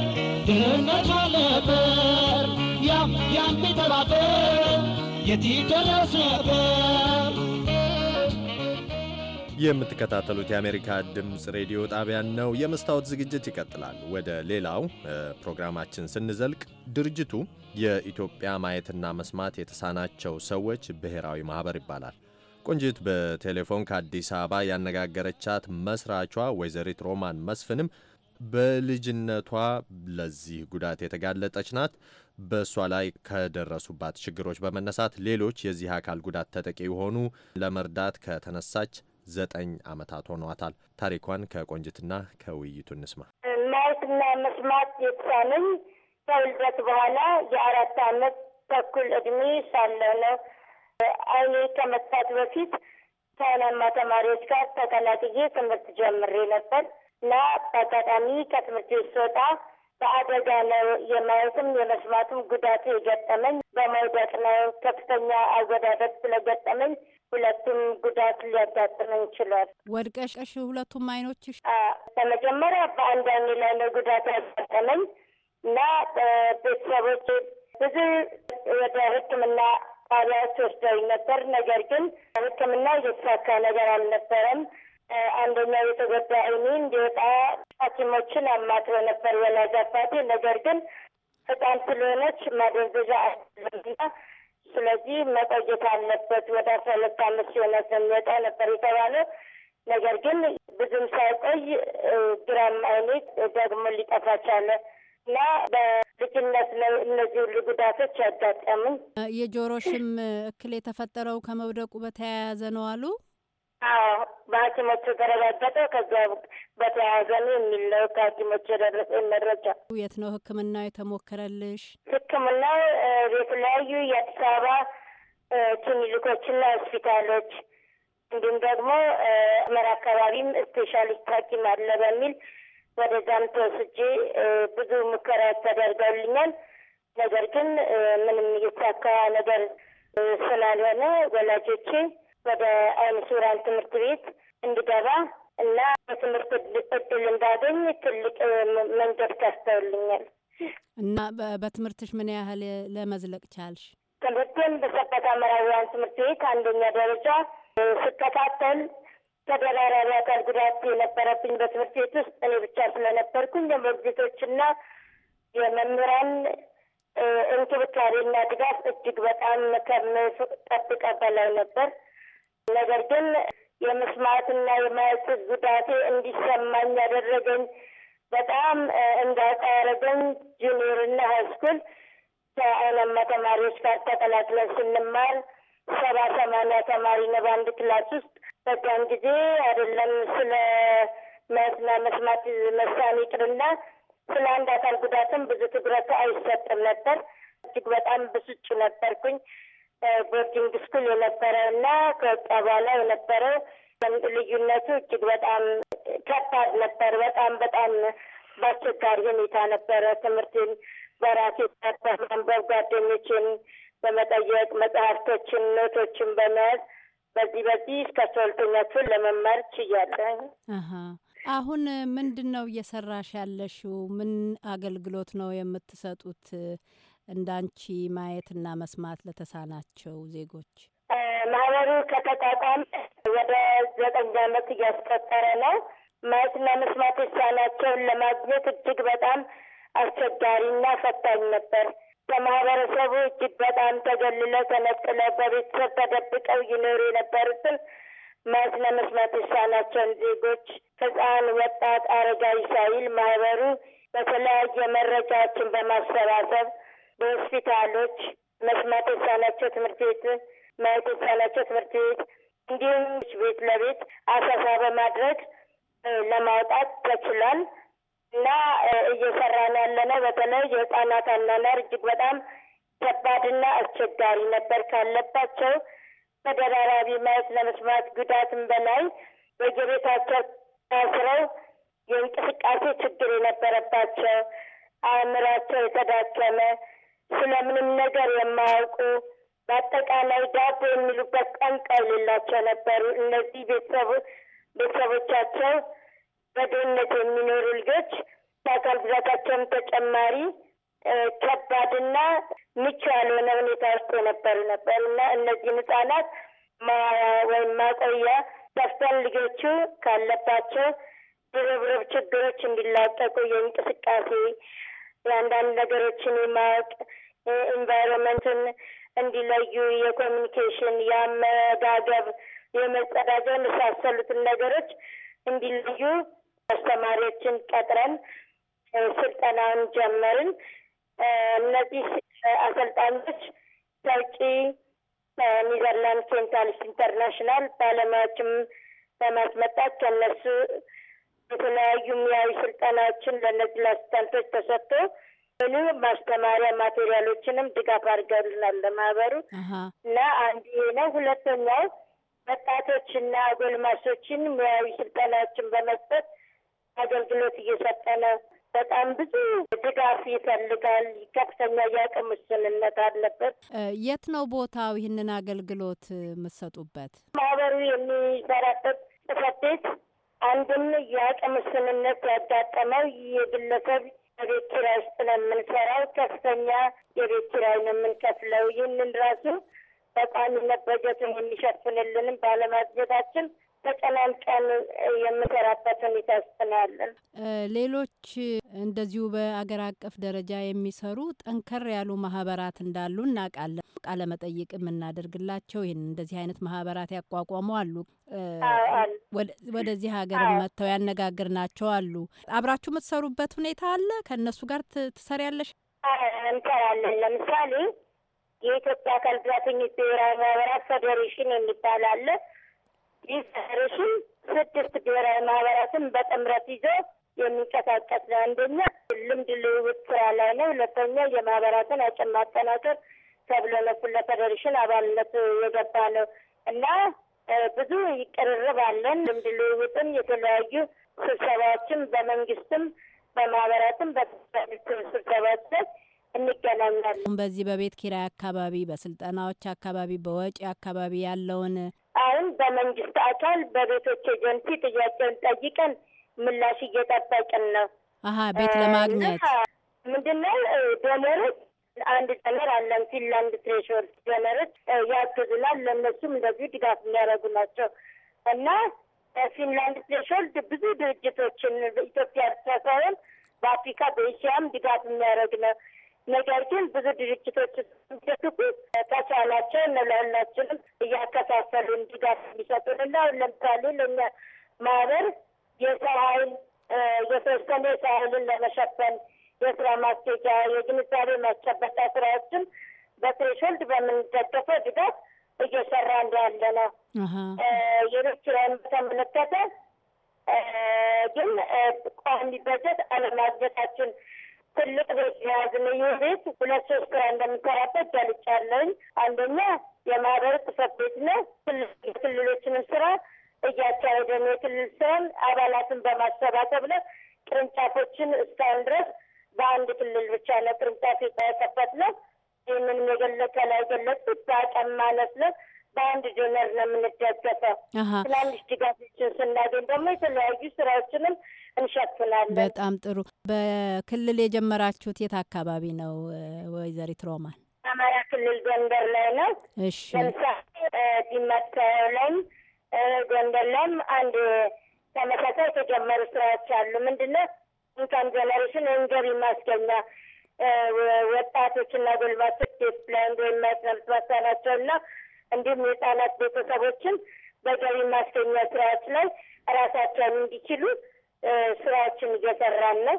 ድህነት አለበር ያም ያም ቢተባበር የት ይደረስ ነበር የምትከታተሉት የአሜሪካ ድምፅ ሬዲዮ ጣቢያን ነው። የመስታወት ዝግጅት ይቀጥላል። ወደ ሌላው ፕሮግራማችን ስንዘልቅ ድርጅቱ የኢትዮጵያ ማየትና መስማት የተሳናቸው ሰዎች ብሔራዊ ማህበር ይባላል። ቆንጂት በቴሌፎን ከአዲስ አበባ ያነጋገረቻት መስራቿ ወይዘሪት ሮማን መስፍንም በልጅነቷ ለዚህ ጉዳት የተጋለጠች ናት። በእሷ ላይ ከደረሱባት ችግሮች በመነሳት ሌሎች የዚህ አካል ጉዳት ተጠቂ የሆኑ ለመርዳት ከተነሳች ዘጠኝ ዓመታት ሆኗታል። ታሪኳን ከቆንጅትና ከውይይቱ እንስማ። ማየትና መስማት የተሳነኝ ከውልደት በኋላ የአራት ዓመት ተኩል እድሜ ሳለው ነው። አይኔ ከመጥፋት በፊት ከነማ ተማሪዎች ጋር ተቀላቅዬ ትምህርት ጀምሬ ነበር እና በአጋጣሚ ከትምህርት ቤት ስወጣ በአደጋ ነው የማየትም የመስማቱም ጉዳቱ የገጠመኝ። በመውደቅ ነው ከፍተኛ አወዳደር ስለገጠመኝ ሁለቱም ጉዳት ሊያጋጥመን ይችላል። ወድቀሽ ሁለቱም አይኖች በመጀመሪያ በአንድ አይኔ ላይ ነው ጉዳት ያጋጠመኝ እና ቤተሰቦች ብዙ ወደ ሕክምና ጣቢያዎች ወስደው ነበር። ነገር ግን ሕክምና እየተሳካ ነገር አልነበረም። አንደኛው የተጎዳ አይኒ እንዲወጣ ሐኪሞችን አማክሮ ነበር ወላጅ አባቴ። ነገር ግን ሕፃን ስለሆነች ማደንዘዣ አይለምና ስለዚህ መቆየት አለበት። ወደ አስራ ሁለት አመት ሲሆነ ስንወጣ ነበር የተባለ ነገር ግን ብዙም ሳይቆይ ግራም አይኔ ደግሞ ሊጠፋ ቻለ እና በልጅነት ነው እነዚህ ሁሉ ጉዳቶች ያጋጠሙኝ። የጆሮሽም እክል የተፈጠረው ከመውደቁ በተያያዘ ነው አሉ አዎ በሐኪሞቹ ተረጋገጠ። ከዚያ በተያያዘን የሚል ነው ከሐኪሞቹ የደረሰ መረጃ። የት ነው ሕክምናው የተሞከረልሽ? ሕክምናው የተለያዩ የአዲስ አበባ ክሊኒኮችና ሆስፒታሎች እንዲሁም ደግሞ መር አካባቢም ስፔሻሊስት ሐኪም አለ በሚል ወደዛም ተወስጄ ብዙ ሙከራዎች ተደርገውልኛል። ነገር ግን ምንም የተሳካ ነገር ስላልሆነ ወላጆቼ ወደ አይነ ትምህርት ቤት እንድገባ እና በትምህርት እድል እንዳገኝ ትልቅ መንገድ ከፍተውልኛል። እና በትምህርትሽ ምን ያህል ለመዝለቅ ቻልሽ? ትምህርትን በሰበት አመራዊያን ትምህርት ቤት አንደኛ ደረጃ ስከታተል ተደራራሪ አካል ጉዳት የነበረብኝ በትምህርት ቤት ውስጥ እኔ ብቻ ስለነበርኩኝ የሞግዚቶችና የመምህራን እንክብካቤና ድጋፍ እጅግ በጣም ከምጠብቀው በላይ ነበር። ነገር ግን የመስማትና የማየት ጉዳቴ እንዲሰማኝ ያደረገኝ በጣም እንዳውቃ ያደረገኝ ጁኒየርና ሀይስኩል ከአይናማ ተማሪዎች ጋር ተቀላቅለን ስንማር ሰባ ሰማንያ ተማሪ ነው በአንድ ክላስ ውስጥ። በዚያን ጊዜ አይደለም ስለ ማየትና መስማት መሳን ይቅርና ስለ አንድ አካል ጉዳትም ብዙ ትኩረት አይሰጥም ነበር። እጅግ በጣም ብስጩ ነበርኩኝ። ቦርዲንግ ስኩል የነበረ እና ከጠባላ የነበረ ልዩነቱ እጅግ በጣም ከባድ ነበር። በጣም በጣም በአስቸጋሪ ሁኔታ ነበረ። ትምህርትን በራሴ በማንበብ ጓደኞችን በመጠየቅ መጽሐፍቶችን፣ ኖቶችን በመያዝ በዚህ በዚህ እስከ ሶስተኛ ክፍል ለመማር ችያለሁ። አሁን ምንድን ነው እየሰራሽ ያለሽው? ምን አገልግሎት ነው የምትሰጡት? እንዳንቺ ማየትና መስማት ለተሳናቸው ዜጎች ማህበሩ ከተቋቋም ወደ ዘጠኝ ዓመት እያስቆጠረ ነው። ማየትና መስማት የተሳናቸውን ለማግኘት እጅግ በጣም አስቸጋሪና ፈታኝ ነበር። ከማህበረሰቡ እጅግ በጣም ተገልለው ተነጥለው በቤተሰብ ተደብቀው ይኖሩ የነበሩትን ማየትና መስማት የተሳናቸውን ዜጎች ሕፃን፣ ወጣት፣ አረጋዊ ሳይል ማህበሩ በተለያየ መረጃዎችን በማሰባሰብ በሆስፒታሎች፣ መስማት የተሳናቸው ትምህርት ቤት፣ ማየት የተሳናቸው ትምህርት ቤት እንዲሁም ቤት ለቤት አሳሳ በማድረግ ለማውጣት ተችሏል እና እየሰራ እየሰራን ያለነው በተለይ የህጻናት አናናር እጅግ በጣም ከባድና አስቸጋሪ ነበር። ካለባቸው ተደራራቢ ማየት ለመስማት ጉዳትም በላይ በየቤታቸው ታስረው የእንቅስቃሴ ችግር የነበረባቸው አእምራቸው የተዳከመ ስለምንም ነገር የማያውቁ በአጠቃላይ ዳቦ የሚሉበት ቀን የሌላቸው ነበሩ። እነዚህ ቤተሰቡ ቤተሰቦቻቸው በድህነት የሚኖሩ ልጆች በአካል ብዛታቸውም ተጨማሪ ከባድና ምቹ ያልሆነ ሁኔታ ውስጥ የነበሩ ነበር እና እነዚህን ህጻናት ማዋያ ወይም ማቆያ ከፍተን ልጆቹ ካለባቸው ድርብርብ ችግሮች እንዲላቀቁ የእንቅስቃሴ የአንዳንድ ነገሮችን የማወቅ ኢንቫይሮንመንትን እንዲለዩ የኮሚኒኬሽን፣ የአመጋገብ፣ የመጸዳጃ የመሳሰሉትን ነገሮች እንዲለዩ አስተማሪዎችን ቀጥረን ስልጠናውን ጀመርን። እነዚህ አሰልጣኞች ከውጪ ኒዘርላንድ ኬንታሊስ ኢንተርናሽናል ባለሙያዎችም በማስመጣት ከነሱ የተለያዩ ሙያዊ ስልጠናዎችን ለእነዚህ ለአስታንቶች ተሰጥቶ ሉ ማስተማሪያ ማቴሪያሎችንም ድጋፍ አድርገውልናል ለማህበሩ እና አንዱ ይሄ ነው። ሁለተኛው ወጣቶችና ጎልማሶችን ሙያዊ ስልጠናዎችን በመስጠት አገልግሎት እየሰጠ ነው። በጣም ብዙ ድጋፍ ይፈልጋል። ከፍተኛ የአቅም ውስንነት አለበት። የት ነው ቦታው ይህንን አገልግሎት የምትሰጡበት? ማህበሩ የሚሰራበት ጽሕፈት ቤት አንድም የአቅም ውስንነት ያጋጠመው የግለሰብ የቤት ኪራይ ውስጥ የምንሰራው። ከፍተኛ የቤት ኪራይ ነው የምንከፍለው። ይህንን ራሱ በቋሚነት በጀትን የሚሸፍንልንም ባለማግኘታችን ተጨናንቀን የምንሰራበት ሁኔታ ውስጥ ነው ያለን። ሌሎች እንደዚሁ በአገር አቀፍ ደረጃ የሚሰሩ ጠንከር ያሉ ማህበራት እንዳሉ እናውቃለን። ቃለመጠይቅ የምናደርግላቸው ይህን እንደዚህ አይነት ማህበራት ያቋቋሙ አሉ። ወደዚህ ሀገር መጥተው ያነጋግር ናቸው አሉ። አብራችሁ የምትሰሩበት ሁኔታ አለ። ከእነሱ ጋር ትሰሪያለሽ? እንሰራለን። ለምሳሌ የኢትዮጵያ አካል ጉዳተኞች ብሔራዊ ማህበራት ፌዴሬሽን የሚባል አለ። ይህ ፌዴሬሽን ስድስት ብሔራዊ ማህበራትን በጥምረት ይዞ የሚንቀሳቀስ ነው። አንደኛ ልምድ ልውውጥ ስራ ላይ ነው። ሁለተኛ የማህበራትን አቅም ማጠናከር ተብሎ ለኩለ ፌዴሬሽን አባልነት የገባ ነው እና ብዙ ይቀርርብ አለን። ልምድ ልውውጥም፣ የተለያዩ ስብሰባዎችም በመንግስትም በማህበራትም ስብሰባዎች ላይ እንገናኛለን። በዚህ በቤት ኪራይ አካባቢ፣ በስልጠናዎች አካባቢ፣ በወጪ አካባቢ ያለውን አሁን በመንግስት አካል በቤቶች ኤጀንሲ ጥያቄውን ጠይቀን ምላሽ እየጠበቅን ነው። አሀ ቤት ለማግኘት ምንድነው ደሞሮች አንድ ጀመር አለም ፊንላንድ ትሬሾር ጀመሮች ያግዙናል። ለእነሱም እንደዚሁ ድጋፍ የሚያደርጉ ናቸው እና ፊንላንድ ትሬሾልድ ብዙ ድርጅቶችን በኢትዮጵያ ብቻ ሳይሆን በአፍሪካ በኤሽያም ድጋፍ የሚያደርግ ነው። ነገር ግን ብዙ ድርጅቶች የሚደግፉ ከቻላቸው ለሁላችንም እያከፋፈሉን ድጋፍ የሚሰጡንና ለምሳሌ ለእኛ ማህበር የሰው ኃይል የሶስተኛ የሰው ኃይልን ለመሸፈን የስራ ማስኬጃ የግንዛቤ ማስጨበጫ ስራዎችም በትሬሾልድ በምንደገፈው ድጋፍ እየሰራ እንዳለ ነው። የቤት ኪራይን በተመለከተ ግን ቋሚ በጀት አለማግኘታችን ትልቅ ቤት የያዝን ይህ ቤት ሁለት ሶስት ክራ እንደሚሰራበት ገልጫለኝ። አንደኛ የማህበር ጽሕፈት ቤት ነው። የክልሎችንም ስራ እያካሄደ ነው። የክልል ስራን አባላትን በማሰባሰብ ነው። ቅርንጫፎችን እስካሁን ድረስ በአንድ ክልል ብቻ ነው ቅርንጫፍ ነው። ይህንንም የገለጸ ላይ ገለጽኩት ባቀማነት ነው በአንድ ጆነር ነው የምንደገፈው። ትናንሽ ድጋፎችን ስናገኝ ደግሞ የተለያዩ ስራዎችንም እንሸፍናለን። በጣም ጥሩ። በክልል የጀመራችሁት የት አካባቢ ነው ወይዘሪት ሮማን? አማራ ክልል ጎንደር ላይ ነው። እሺ። ለምሳሌ ዲማት ላይም ጎንደር ላይም አንድ ተመሳሳይ የተጀመሩ ስራዎች አሉ። ምንድነው ኢንካም ጀነሬሽን እንገቢ ማስገኛ ወጣቶችና ጎልማሶች ዲስፕላይንድ ወይም ማይትነብስ እና እንዲሁም የህጻናት ቤተሰቦችን በገቢ ማስገኛ ስራዎች ላይ ራሳቸውን እንዲችሉ ስራዎችን እየሰራን ነው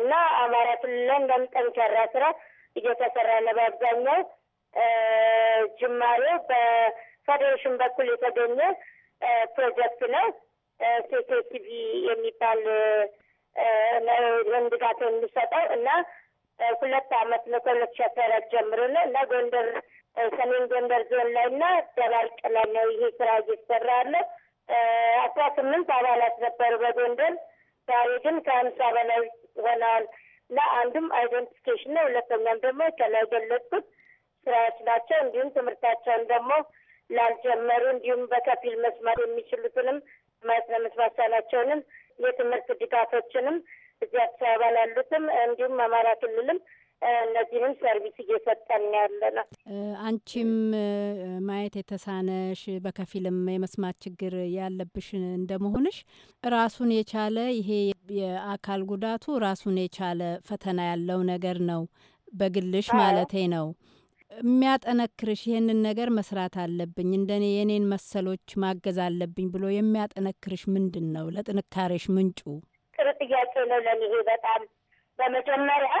እና አማራ ክልል ላይ እንደምጠንከራ ስራ እየተሰራ ነው። በአብዛኛው ጅማሬው በፌዴሬሽን በኩል የተገኘ ፕሮጀክት ነው። ሴሴቲቪ የሚባል ድጋፍ የሚሰጠው እና ሁለት አመት ነው ከሁለት ሺ አስራ አራት ጀምሮ ነው እና ጎንደር ሰሜን ጎንደር ዞን ላይ እና ደባርቅ ላይ ነው ይሄ ስራ እየተሰራ ያለው። አስራ ስምንት አባላት ነበሩ በጎንደር ዛሬ ግን ከሀምሳ በላይ ሆነዋል እና አንዱም አይደንቲፊኬሽን ነው፣ ሁለተኛም ደግሞ ከላይ ገለጽኩት ስራዎች ናቸው። እንዲሁም ትምህርታቸውን ደግሞ ላልጀመሩ እንዲሁም በከፊል መስማት የሚችሉትንም ማለት ነው መስማት የተሳናቸውንም የትምህርት ድጋፎችንም እዚህ አዲስ አበባ ላሉትም እንዲሁም አማራ ክልልም እነዚህንም ሰርቪስ እየሰጠን ያለ ነው። አንቺም ማየት የተሳነሽ በከፊልም የመስማት ችግር ያለብሽ እንደመሆንሽ ራሱን የቻለ ይሄ የአካል ጉዳቱ ራሱን የቻለ ፈተና ያለው ነገር ነው። በግልሽ ማለቴ ነው። የሚያጠነክርሽ ይህንን ነገር መስራት አለብኝ እንደኔ የኔን መሰሎች ማገዝ አለብኝ ብሎ የሚያጠነክርሽ ምንድን ነው? ለጥንካሬሽ ምንጩ ጥያቄ ነው ለኔ በጣም በመጀመሪያ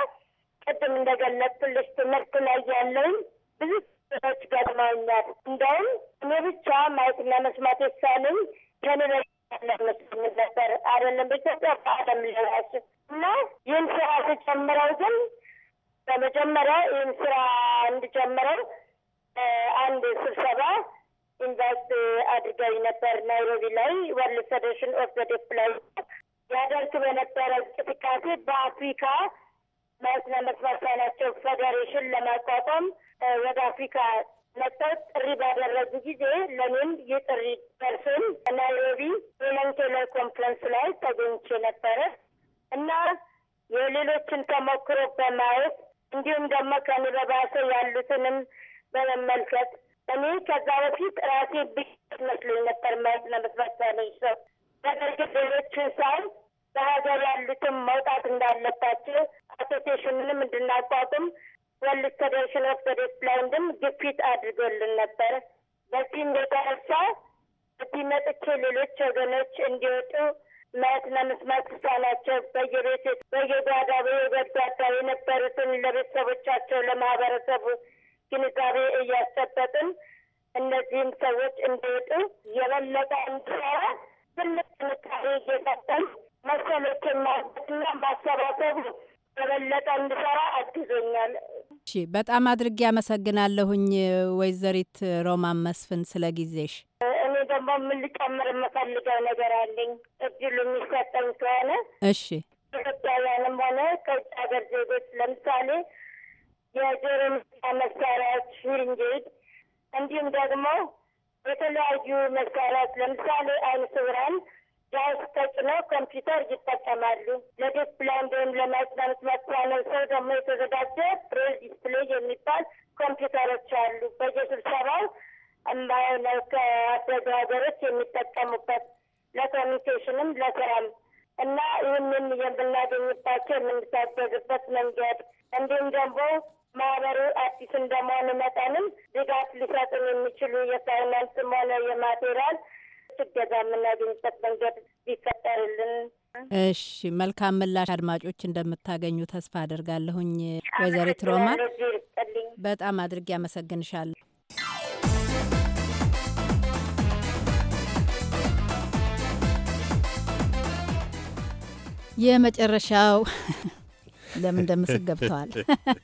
ቅድም እንደገለጽኩልሽ ትምህርት ላይ ያለውን ብዙ ሰዎች ገርመውኛል። እንደውም እኔ ብቻ ማየትና መስማት የቻለኝ ከንበ መስሎኝ ነበር አይደለም በኢትዮጵያ በዓለም ላያስ እና ይህን ስራ ስጀምረው ግን በመጀመሪያ ይህን ስራ እንድጀምረው አንድ ስብሰባ ኢንቨስት አድርገኝ ነበር ናይሮቢ ላይ ወርልድ ፌዴሬሽን ኦፍ ዘ ዴፍ ላይ ያደርግ በነበረ እንቅስቃሴ በአፍሪካ መስነ መስማት የተሳናቸው ፌዴሬሽን ለማቋቋም ወደ አፍሪካ መጥተው ጥሪ ባደረጉ ጊዜ ለምን የጥሪ ደርሶን ናይሮቢ ሌለን ቴለር ኮንፈረንስ ላይ ተገኝቼ ነበረ እና የሌሎችን ተሞክሮ በማየት እንዲሁም ደግሞ ከኔ ያሉትንም በመመልከት እኔ ከዛ በፊት ራሴ ብቻ መስሎኝ ነበር ማየትና መስማት የተሳናቸው ሰው ነገር ግን ሌሎችን ሳይ በሀገር ያሉትም መውጣት እንዳለባቸው አሶሴሽኑንም እንድናቋቁም ወልድ ፌዴሬሽን ኦፍ ዘ ዴፍ ግፊት አድርጎልን ነበር። በዚህም የተነሳ እዚህ መጥቼ ሌሎች ወገኖች እንዲወጡ ማየትና መስማት ሲሳናቸው በየቤት በየጓዳ በየጎድጓዳ የነበሩትን ለቤተሰቦቻቸው ለማህበረሰቡ ግንዛቤ እያስጨበጥን እነዚህም ሰዎች እንዲወጡ የበለጠ እንዲሰራ ትልቅ ጥንካሬ እየሰጠን መሰሎችን ማሰባሰቡ የበለጠ እንድሰራ አግዞኛል። እሺ፣ በጣም አድርጌ አመሰግናለሁኝ ወይዘሪት ሮማን መስፍን ስለ ጊዜሽ። እኔ ደግሞ የምልጨምር የምፈልገው ነገር አለኝ እድሉ የሚሰጠኝ ከሆነ እሺ። ኢትዮጵያውያንም ሆነ ከውጭ ሀገር ዜጎች ለምሳሌ የጆሮ መሳሪያዎች ሂሪንጌድ፣ እንዲሁም ደግሞ የተለያዩ መሳሪያዎች ለምሳሌ አይነ ስውራን ዳይስ ተጭነው ኮምፒውተር ይጠቀማሉ። ለቤት ፕላን ወይም ለማጽናነት መኳነን ሰው ደግሞ የተዘጋጀ ፕሬል ዲስፕሌይ የሚባል ኮምፒውተሮች አሉ። በየስብሰባው ከአደጉ ሀገሮች የሚጠቀሙበት ለኮሚኒኬሽንም ለስራም እና ይህንን የምናገኝባቸው የምንታገዝበት መንገድ እንዲሁም ደግሞ ማህበሩ አዲስ እንደመሆኑ መጠንም ድጋፍ ሊሰጥን የሚችሉ የፋይናንስም ሆነ የማቴሪያል እገዛ የምናገኝበት መንገድ ቢፈጠርልን። እሺ፣ መልካም ምላሽ አድማጮች እንደምታገኙ ተስፋ አደርጋለሁኝ። ወይዘሪት ሮማ በጣም አድርጌ አመሰግንሻለሁ። የመጨረሻው ለምን እንደምስቅ ገብተዋል።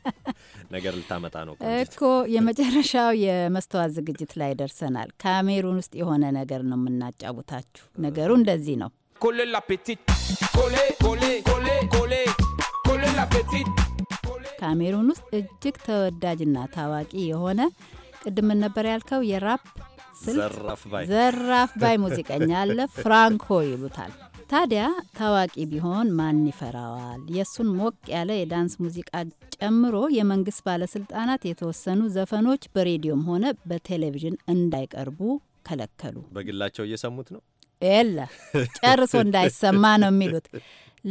ነገር ልታመጣ ነው እኮ። የመጨረሻው የመስተዋት ዝግጅት ላይ ደርሰናል። ካሜሩን ውስጥ የሆነ ነገር ነው የምናጫውታችሁ። ነገሩ እንደዚህ ነው። ካሜሩን ውስጥ እጅግ ተወዳጅና ታዋቂ የሆነ ቅድም ነበር ያልከው የራፕ ዘራፍ ባይ ሙዚቀኛ አለ። ፍራንኮ ይሉታል። ታዲያ ታዋቂ ቢሆን ማን ይፈራዋል? የእሱን ሞቅ ያለ የዳንስ ሙዚቃ ጨምሮ የመንግስት ባለስልጣናት የተወሰኑ ዘፈኖች በሬዲዮም ሆነ በቴሌቪዥን እንዳይቀርቡ ከለከሉ። በግላቸው እየሰሙት ነው የለ ጨርሶ እንዳይሰማ ነው የሚሉት።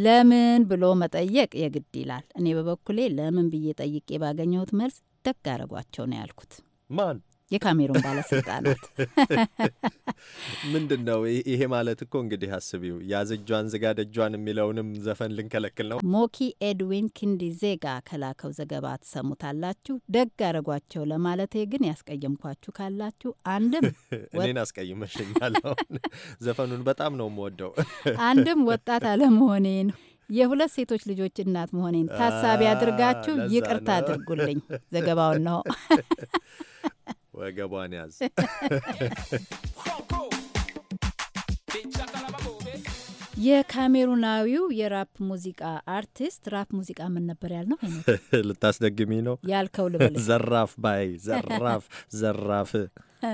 ለምን ብሎ መጠየቅ የግድ ይላል። እኔ በበኩሌ ለምን ብዬ ጠይቄ ባገኘሁት መልስ ደግ አረጓቸው ነው ያልኩት። ማን የካሜሩን ባለስልጣናት ምንድን ነው ይሄ ማለት? እኮ እንግዲህ አስቢው ያዝጇን ዝጋ ደጇን የሚለውንም ዘፈን ልንከለክል ነው። ሞኪ ኤድዊን ኪንዲ ዜጋ ከላከው ዘገባ ትሰሙታላችሁ። ደግ አረጓቸው ለማለቴ ግን ያስቀየምኳችሁ ካላችሁ አንድም እኔን አስቀይመሽኛለሁ። ዘፈኑን በጣም ነው የምወደው። አንድም ወጣት አለመሆኔን የሁለት ሴቶች ልጆች እናት መሆኔን ታሳቢ አድርጋችሁ ይቅርታ አድርጉልኝ። ዘገባውን ነው ወገቧን ያዝ። የካሜሩናዊው የራፕ ሙዚቃ አርቲስት ራፕ ሙዚቃ ምን ነበር ያልነው? ልታስደግሚ ነው ያልከው? ልበል ዘራፍ ባይ ዘራፍ ዘራፍ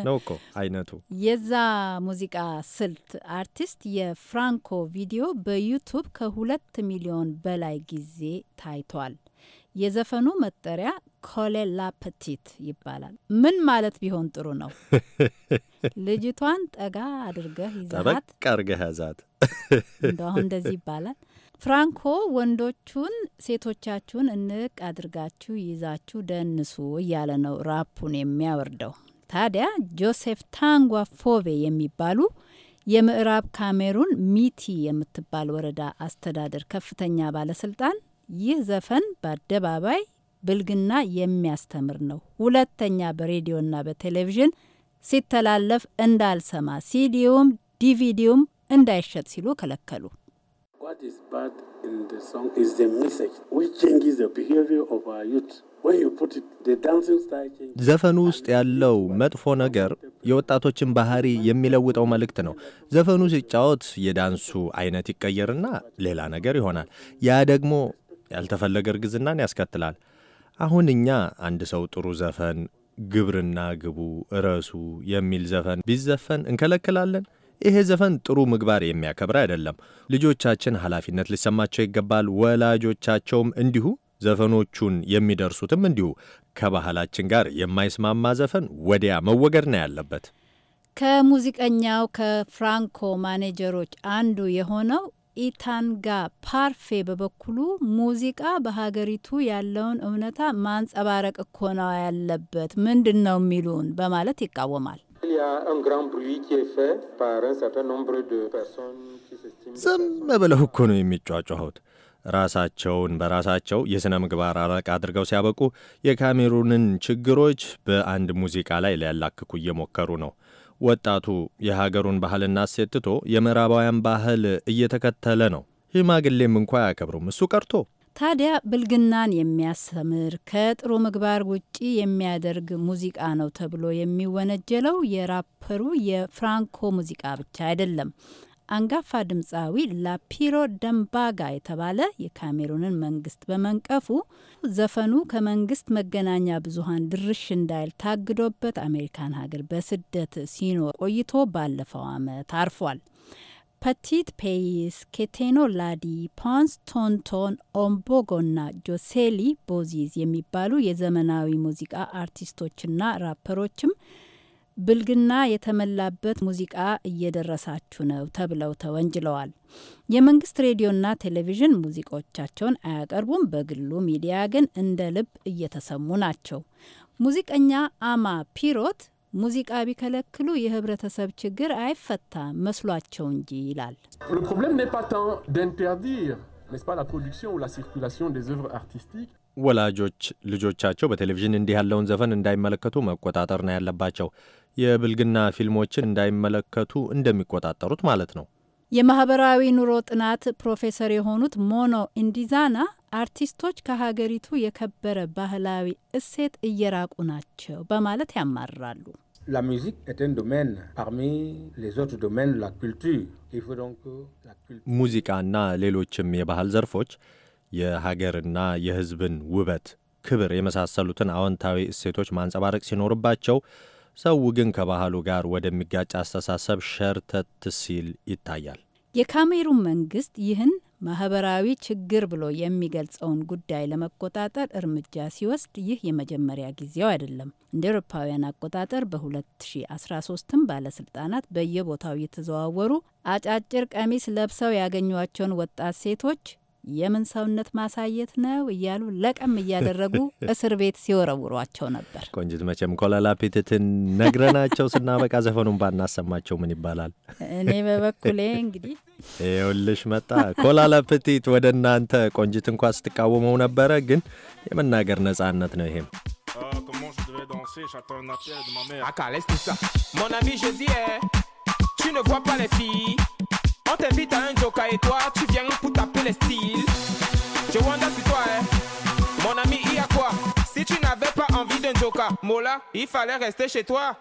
ነው እኮ አይነቱ። የዛ ሙዚቃ ስልት አርቲስት የፍራንኮ ቪዲዮ በዩቱብ ከሁለት ሚሊዮን በላይ ጊዜ ታይቷል። የዘፈኑ መጠሪያ ኮሌላ ፕቲት ይባላል። ምን ማለት ቢሆን ጥሩ ነው? ልጅቷን ጠጋ አድርገህ ይዛት፣ አድርገህ ያዛት። እንደ አሁን እንደዚህ ይባላል። ፍራንኮ ወንዶቹን ሴቶቻችሁን እንቅ አድርጋችሁ ይዛችሁ ደንሱ እያለ ነው ራፑን የሚያወርደው። ታዲያ ጆሴፍ ታንጓ ፎቬ የሚባሉ የምዕራብ ካሜሩን ሚቲ የምትባል ወረዳ አስተዳደር ከፍተኛ ባለስልጣን ይህ ዘፈን በአደባባይ ብልግና የሚያስተምር ነው። ሁለተኛ በሬዲዮና በቴሌቪዥን ሲተላለፍ እንዳልሰማ፣ ሲዲውም ዲቪዲውም እንዳይሸጥ ሲሉ ከለከሉ። ዘፈኑ ውስጥ ያለው መጥፎ ነገር የወጣቶችን ባህሪ የሚለውጠው መልእክት ነው። ዘፈኑ ሲጫወት የዳንሱ አይነት ይቀየርና ሌላ ነገር ይሆናል። ያ ደግሞ ያልተፈለገ እርግዝናን ያስከትላል። አሁን እኛ አንድ ሰው ጥሩ ዘፈን ግብርና ግቡ፣ እረሱ የሚል ዘፈን ቢዘፈን እንከለክላለን? ይሄ ዘፈን ጥሩ ምግባር የሚያከብር አይደለም። ልጆቻችን ኃላፊነት ሊሰማቸው ይገባል። ወላጆቻቸውም እንዲሁ ዘፈኖቹን የሚደርሱትም እንዲሁ። ከባህላችን ጋር የማይስማማ ዘፈን ወዲያ መወገድ ነው ያለበት። ከሙዚቀኛው ከፍራንኮ ማኔጀሮች አንዱ የሆነው ኢታንጋ ፓርፌ በበኩሉ ሙዚቃ በሀገሪቱ ያለውን እውነታ ማንጸባረቅ እኮ ነው ያለበት፣ ምንድን ነው የሚሉን በማለት ይቃወማል። ዝም ብለው እኮ ነው የሚጫጫሁት። ራሳቸውን በራሳቸው የሥነ ምግባር አረቅ አድርገው ሲያበቁ የካሜሩንን ችግሮች በአንድ ሙዚቃ ላይ ሊያላክኩ እየሞከሩ ነው። ወጣቱ የሀገሩን ባህልና እሴት ትቶ የምዕራባውያን ባህል እየተከተለ ነው። ሽማግሌም እንኳ አያከብሩም። እሱ ቀርቶ ታዲያ ብልግናን የሚያስተምር ከጥሩ ምግባር ውጪ የሚያደርግ ሙዚቃ ነው ተብሎ የሚወነጀለው የራፐሩ የፍራንኮ ሙዚቃ ብቻ አይደለም። አንጋፋ ድምፃዊ ላፒሮ ደምባጋ የተባለ የካሜሩንን መንግስት በመንቀፉ ዘፈኑ ከመንግስት መገናኛ ብዙሃን ድርሽ እንዳይል ታግዶበት አሜሪካን ሀገር በስደት ሲኖር ቆይቶ ባለፈው ዓመት አርፏል። ፐቲት ፔይስ፣ ኬቴኖ ላዲ፣ ፓንስ ቶንቶን፣ ና ጆሴሊ ቦዚዝ የሚባሉ የዘመናዊ ሙዚቃ አርቲስቶችና ራፐሮችም ብልግና የተመላበት ሙዚቃ እየደረሳችሁ ነው ተብለው ተወንጅለዋል። የመንግስት ሬዲዮና ቴሌቪዥን ሙዚቃዎቻቸውን አያቀርቡም። በግሉ ሚዲያ ግን እንደ ልብ እየተሰሙ ናቸው። ሙዚቀኛ አማ ፒሮት ሙዚቃ ቢከለክሉ የህብረተሰብ ችግር አይፈታ መስሏቸው እንጂ ይላል። ወላጆች ልጆቻቸው በቴሌቪዥን እንዲህ ያለውን ዘፈን እንዳይመለከቱ መቆጣጠር ነው ያለባቸው። የብልግና ፊልሞችን እንዳይመለከቱ እንደሚቆጣጠሩት ማለት ነው። የማህበራዊ ኑሮ ጥናት ፕሮፌሰር የሆኑት ሞኖ እንዲዛና አርቲስቶች ከሀገሪቱ የከበረ ባህላዊ እሴት እየራቁ ናቸው በማለት ያማራሉ። ሙዚቃና ሌሎችም የባህል ዘርፎች የሀገርና የሕዝብን ውበት፣ ክብር የመሳሰሉትን አዎንታዊ እሴቶች ማንጸባረቅ ሲኖርባቸው ሰው ግን ከባህሉ ጋር ወደሚጋጭ አስተሳሰብ ሸርተት ሲል ይታያል። የካሜሩን መንግስት ይህን ማህበራዊ ችግር ብሎ የሚገልጸውን ጉዳይ ለመቆጣጠር እርምጃ ሲወስድ ይህ የመጀመሪያ ጊዜው አይደለም። እንደ ኤሮፓውያን አቆጣጠር በ2013ም ባለስልጣናት በየቦታው እየተዘዋወሩ አጫጭር ቀሚስ ለብሰው ያገኟቸውን ወጣት ሴቶች የምን ሰውነት ማሳየት ነው እያሉ ለቀም እያደረጉ እስር ቤት ሲወረውሯቸው ነበር። ቆንጅት፣ መቼም ኮለላ ፔትትን ነግረናቸው ስናበቃ ዘፈኑን ባናሰማቸው ምን ይባላል? እኔ በበኩሌ እንግዲህ ይኸውልሽ መጣ ኮላላ ፕቲት ወደ እናንተ። ቆንጅት እንኳ ስትቃወመው ነበረ፣ ግን የመናገር ነጻነት ነው ይሄም ah, Mon ami, je dis, eh, tu ne vois pas les filles. On t'invite à un joker et toi, tu viens pour taper les styles. Je wonder sur toi, hein. Mon ami, il y a quoi Si tu n'avais pas envie d'un joker, Mola, il fallait rester chez toi.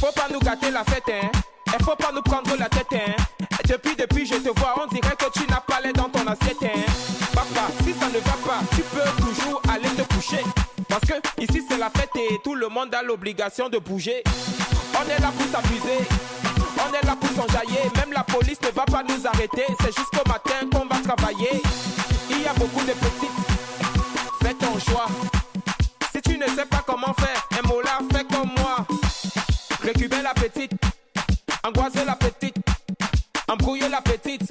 Faut pas nous gâter la fête, hein. Faut pas nous prendre la tête, hein. Depuis, depuis, je te vois, on dirait que tu n'as pas l'air dans ton assiette, hein. Papa, si ça ne va pas, tu peux toujours aller te coucher. Parce que ici, c'est la fête et tout le monde a l'obligation de bouger. On est là pour s'amuser. On est là pour s'enjailler, même la police ne va pas nous arrêter. C'est jusqu'au matin qu'on va travailler. Il y a beaucoup de petites, fais ton choix. Si tu ne sais pas comment faire, un mot là, fais comme moi. Récupère la petite, angoisse la petite, embrouille la petite.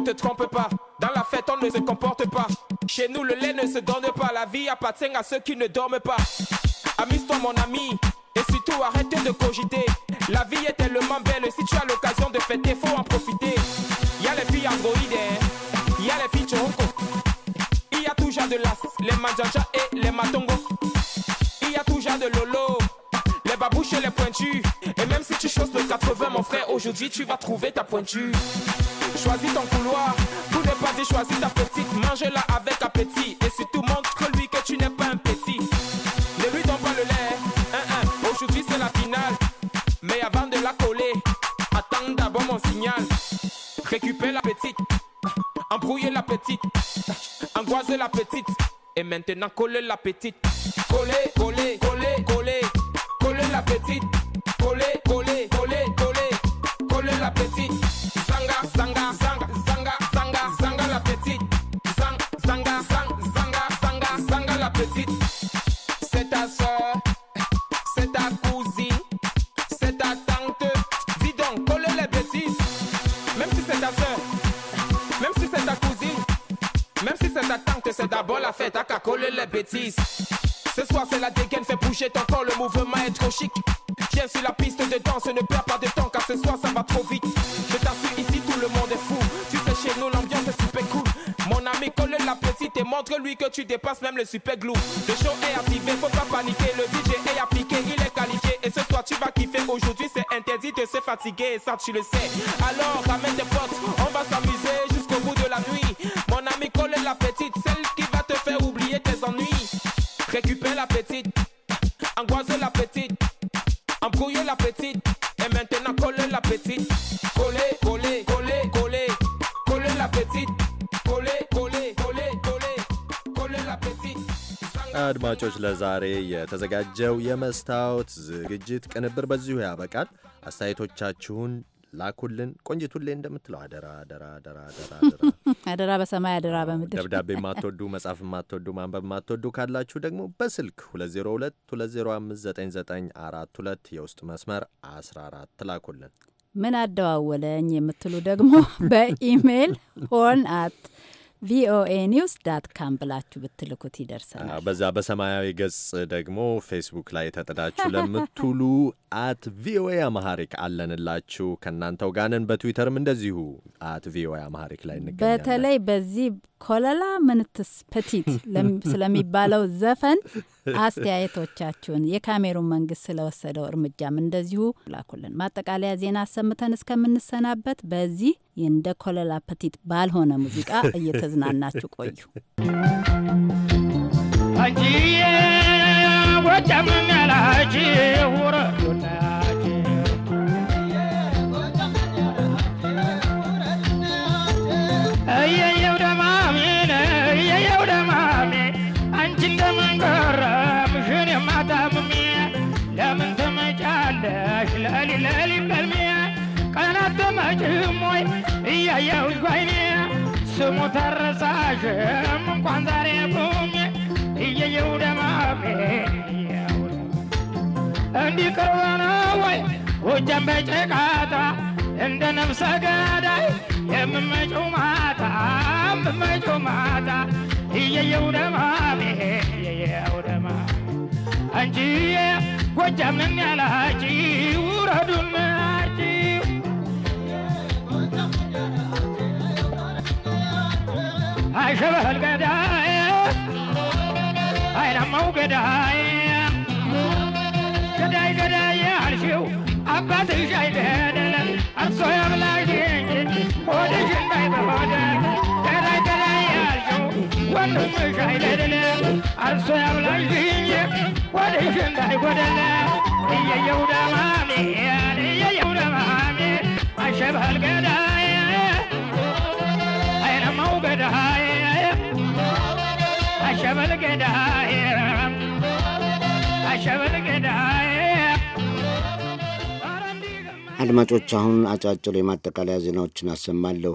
ne te trompe pas. Dans la fête, on ne se comporte pas. Chez nous, le lait ne se donne pas. La vie appartient à ceux qui ne dorment pas. Amuse-toi, mon ami. Et surtout, arrête de cogiter. La vie est tellement belle. Si tu as l'occasion de fêter, faut en profiter. Aujourd'hui tu vas trouver ta pointure Choisis ton couloir Tout n'est pas dit, choisis ta petite Mange-la avec appétit Et surtout montre lui que tu n'es pas un petit Ne lui donne pas le lait Aujourd'hui c'est la finale Mais avant de la coller Attends d'abord mon signal Récupère la petite Embrouillez la petite angoise la petite Et maintenant coller la petite Coller, coller, coller tu dépasses même le super glue. Le show est activé, faut pas paniquer. Le budget est appliqué, il est qualifié. Et ce toi tu vas kiffer. Aujourd'hui, c'est interdit de se fatiguer, ça, tu le sais. Alors, ramène tes potes, on va ለዛሬ የተዘጋጀው የመስታወት ዝግጅት ቅንብር በዚሁ ያበቃል። አስተያየቶቻችሁን ላኩልን። ቆንጂት ሁሌ እንደምትለው አደራ አደራ አደራ አደራ አደራ በሰማይ አደራ በምድር። ደብዳቤ የማትወዱ መጻፍ የማትወዱ ማንበብ የማትወዱ ካላችሁ ደግሞ በስልክ 2022059942 የውስጥ መስመር 14 ላኩልን። ምን አደዋወለኝ የምትሉ ደግሞ በኢሜይል ሆን አት ቪኦኤ ኒውስ ዳት ካም ብላችሁ ብትልኩት ይደርሰናል። በዛ በሰማያዊ ገጽ ደግሞ ፌስቡክ ላይ ተጥዳችሁ ለምትሉ አት ቪኦኤ አማሐሪክ አለንላችሁ። ከእናንተው ጋንን በትዊተርም እንደዚሁ አት ቪኦኤ አማሐሪክ ላይ እንገኛለን። በተለይ በዚህ ኮለላ ምንትስ ፕቲት ስለሚባለው ዘፈን አስተያየቶቻችሁን፣ የካሜሩን መንግስት ስለወሰደው እርምጃም እንደዚሁ ላኩልን። ማጠቃለያ ዜና አሰምተን እስከምንሰናበት በዚህ እንደ ኮለላ ፕቲት ባልሆነ ሙዚቃ እየተዝናናችሁ ቆዩ። ውረ አየሁት ባይኔ ስሙ ተረሳሽም እንኳን ዛሬ ቆሜ እየየው ደማሜ እንዲህ ቅርብ ነው ወይ ጎጃም በጭቃታ እንደ ነፍሰ ገዳይ የምመጪው ማታ የምመጪው ማታ እየየው ደማሜ እየየው ደማ አንቺ ጎጃምንን ያላችሁ ውረዱን شبه القدايم هاي لما وقدايم قداي قداي عرشيو عباتي شاي بهدل الصيام لا يجين ودش البيت فادل قداي قداي عرشيو والنص شاي لدل الصيام لا يجين ودش البيت فادل هي يودا مامي هي يودا مامي شبه القدايم አሸበል አድማጮች አሁን አጫጭር የማጠቃለያ ዜናዎችን አሰማለሁ።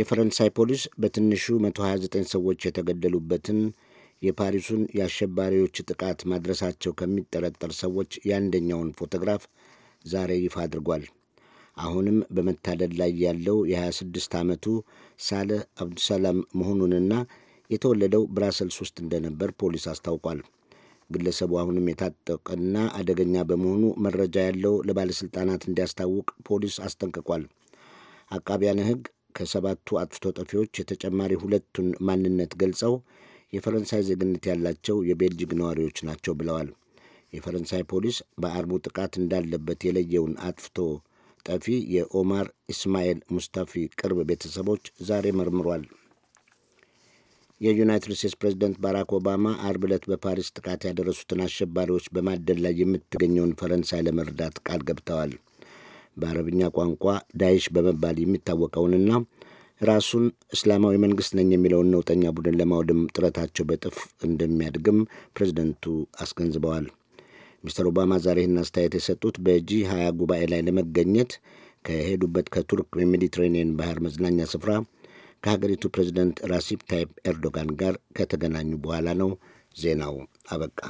የፈረንሳይ ፖሊስ በትንሹ 129 ሰዎች የተገደሉበትን የፓሪሱን የአሸባሪዎች ጥቃት ማድረሳቸው ከሚጠረጠር ሰዎች የአንደኛውን ፎቶግራፍ ዛሬ ይፋ አድርጓል። አሁንም በመታደድ ላይ ያለው የ26 ዓመቱ ሳለህ አብዱሰላም መሆኑንና የተወለደው ብራሰልስ ውስጥ እንደነበር ፖሊስ አስታውቋል። ግለሰቡ አሁንም የታጠቀና አደገኛ በመሆኑ መረጃ ያለው ለባለሥልጣናት እንዲያስታውቅ ፖሊስ አስጠንቅቋል። አቃቢያነ ሕግ ከሰባቱ አጥፍቶ ጠፊዎች የተጨማሪ ሁለቱን ማንነት ገልጸው የፈረንሳይ ዜግነት ያላቸው የቤልጅግ ነዋሪዎች ናቸው ብለዋል። የፈረንሳይ ፖሊስ በአርቡ ጥቃት እንዳለበት የለየውን አጥፍቶ ጠፊ የኦማር ኢስማኤል ሙስታፊ ቅርብ ቤተሰቦች ዛሬ መርምሯል። የዩናይትድ ስቴትስ ፕሬዚደንት ባራክ ኦባማ አርብ ዕለት በፓሪስ ጥቃት ያደረሱትን አሸባሪዎች በማደል ላይ የምትገኘውን ፈረንሳይ ለመርዳት ቃል ገብተዋል። በአረብኛ ቋንቋ ዳይሽ በመባል የሚታወቀውንና ራሱን እስላማዊ መንግስት ነኝ የሚለውን ነውጠኛ ቡድን ለማውደም ጥረታቸው በጥፍ እንደሚያድግም ፕሬዚደንቱ አስገንዝበዋል። ሚስተር ኦባማ ዛሬ ይህን አስተያየት የሰጡት በጂ ሀያ ጉባኤ ላይ ለመገኘት ከሄዱበት ከቱርክ የሜዲትሬኒየን ባህር መዝናኛ ስፍራ ከሀገሪቱ ፕሬዚደንት ራሲብ ታይፕ ኤርዶጋን ጋር ከተገናኙ በኋላ ነው። ዜናው አበቃ።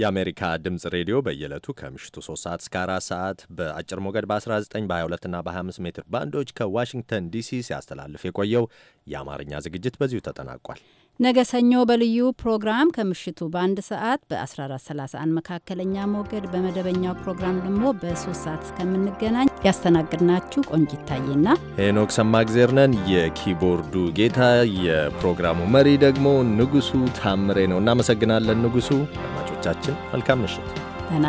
የአሜሪካ ድምፅ ሬዲዮ በየዕለቱ ከምሽቱ 3 ሰዓት እስከ 4 ሰዓት በአጭር ሞገድ በ19 በ22ና በ25 ሜትር ባንዶች ከዋሽንግተን ዲሲ ሲያስተላልፍ የቆየው የአማርኛ ዝግጅት በዚሁ ተጠናቋል። ነገ ሰኞ በልዩ ፕሮግራም ከምሽቱ በአንድ ሰዓት በ1431 መካከለኛ ሞገድ በመደበኛው ፕሮግራም ደግሞ በሶስት ሰዓት እስከምንገናኝ ያስተናግድናችሁ ቆንጅ ይታየና ሄኖክ ሰማ ነን። የኪቦርዱ ጌታ የፕሮግራሙ መሪ ደግሞ ንጉሱ ታምሬ ነው። እናመሰግናለን ንጉሱ። አድማጮቻችን መልካም ምሽት፣ ደህና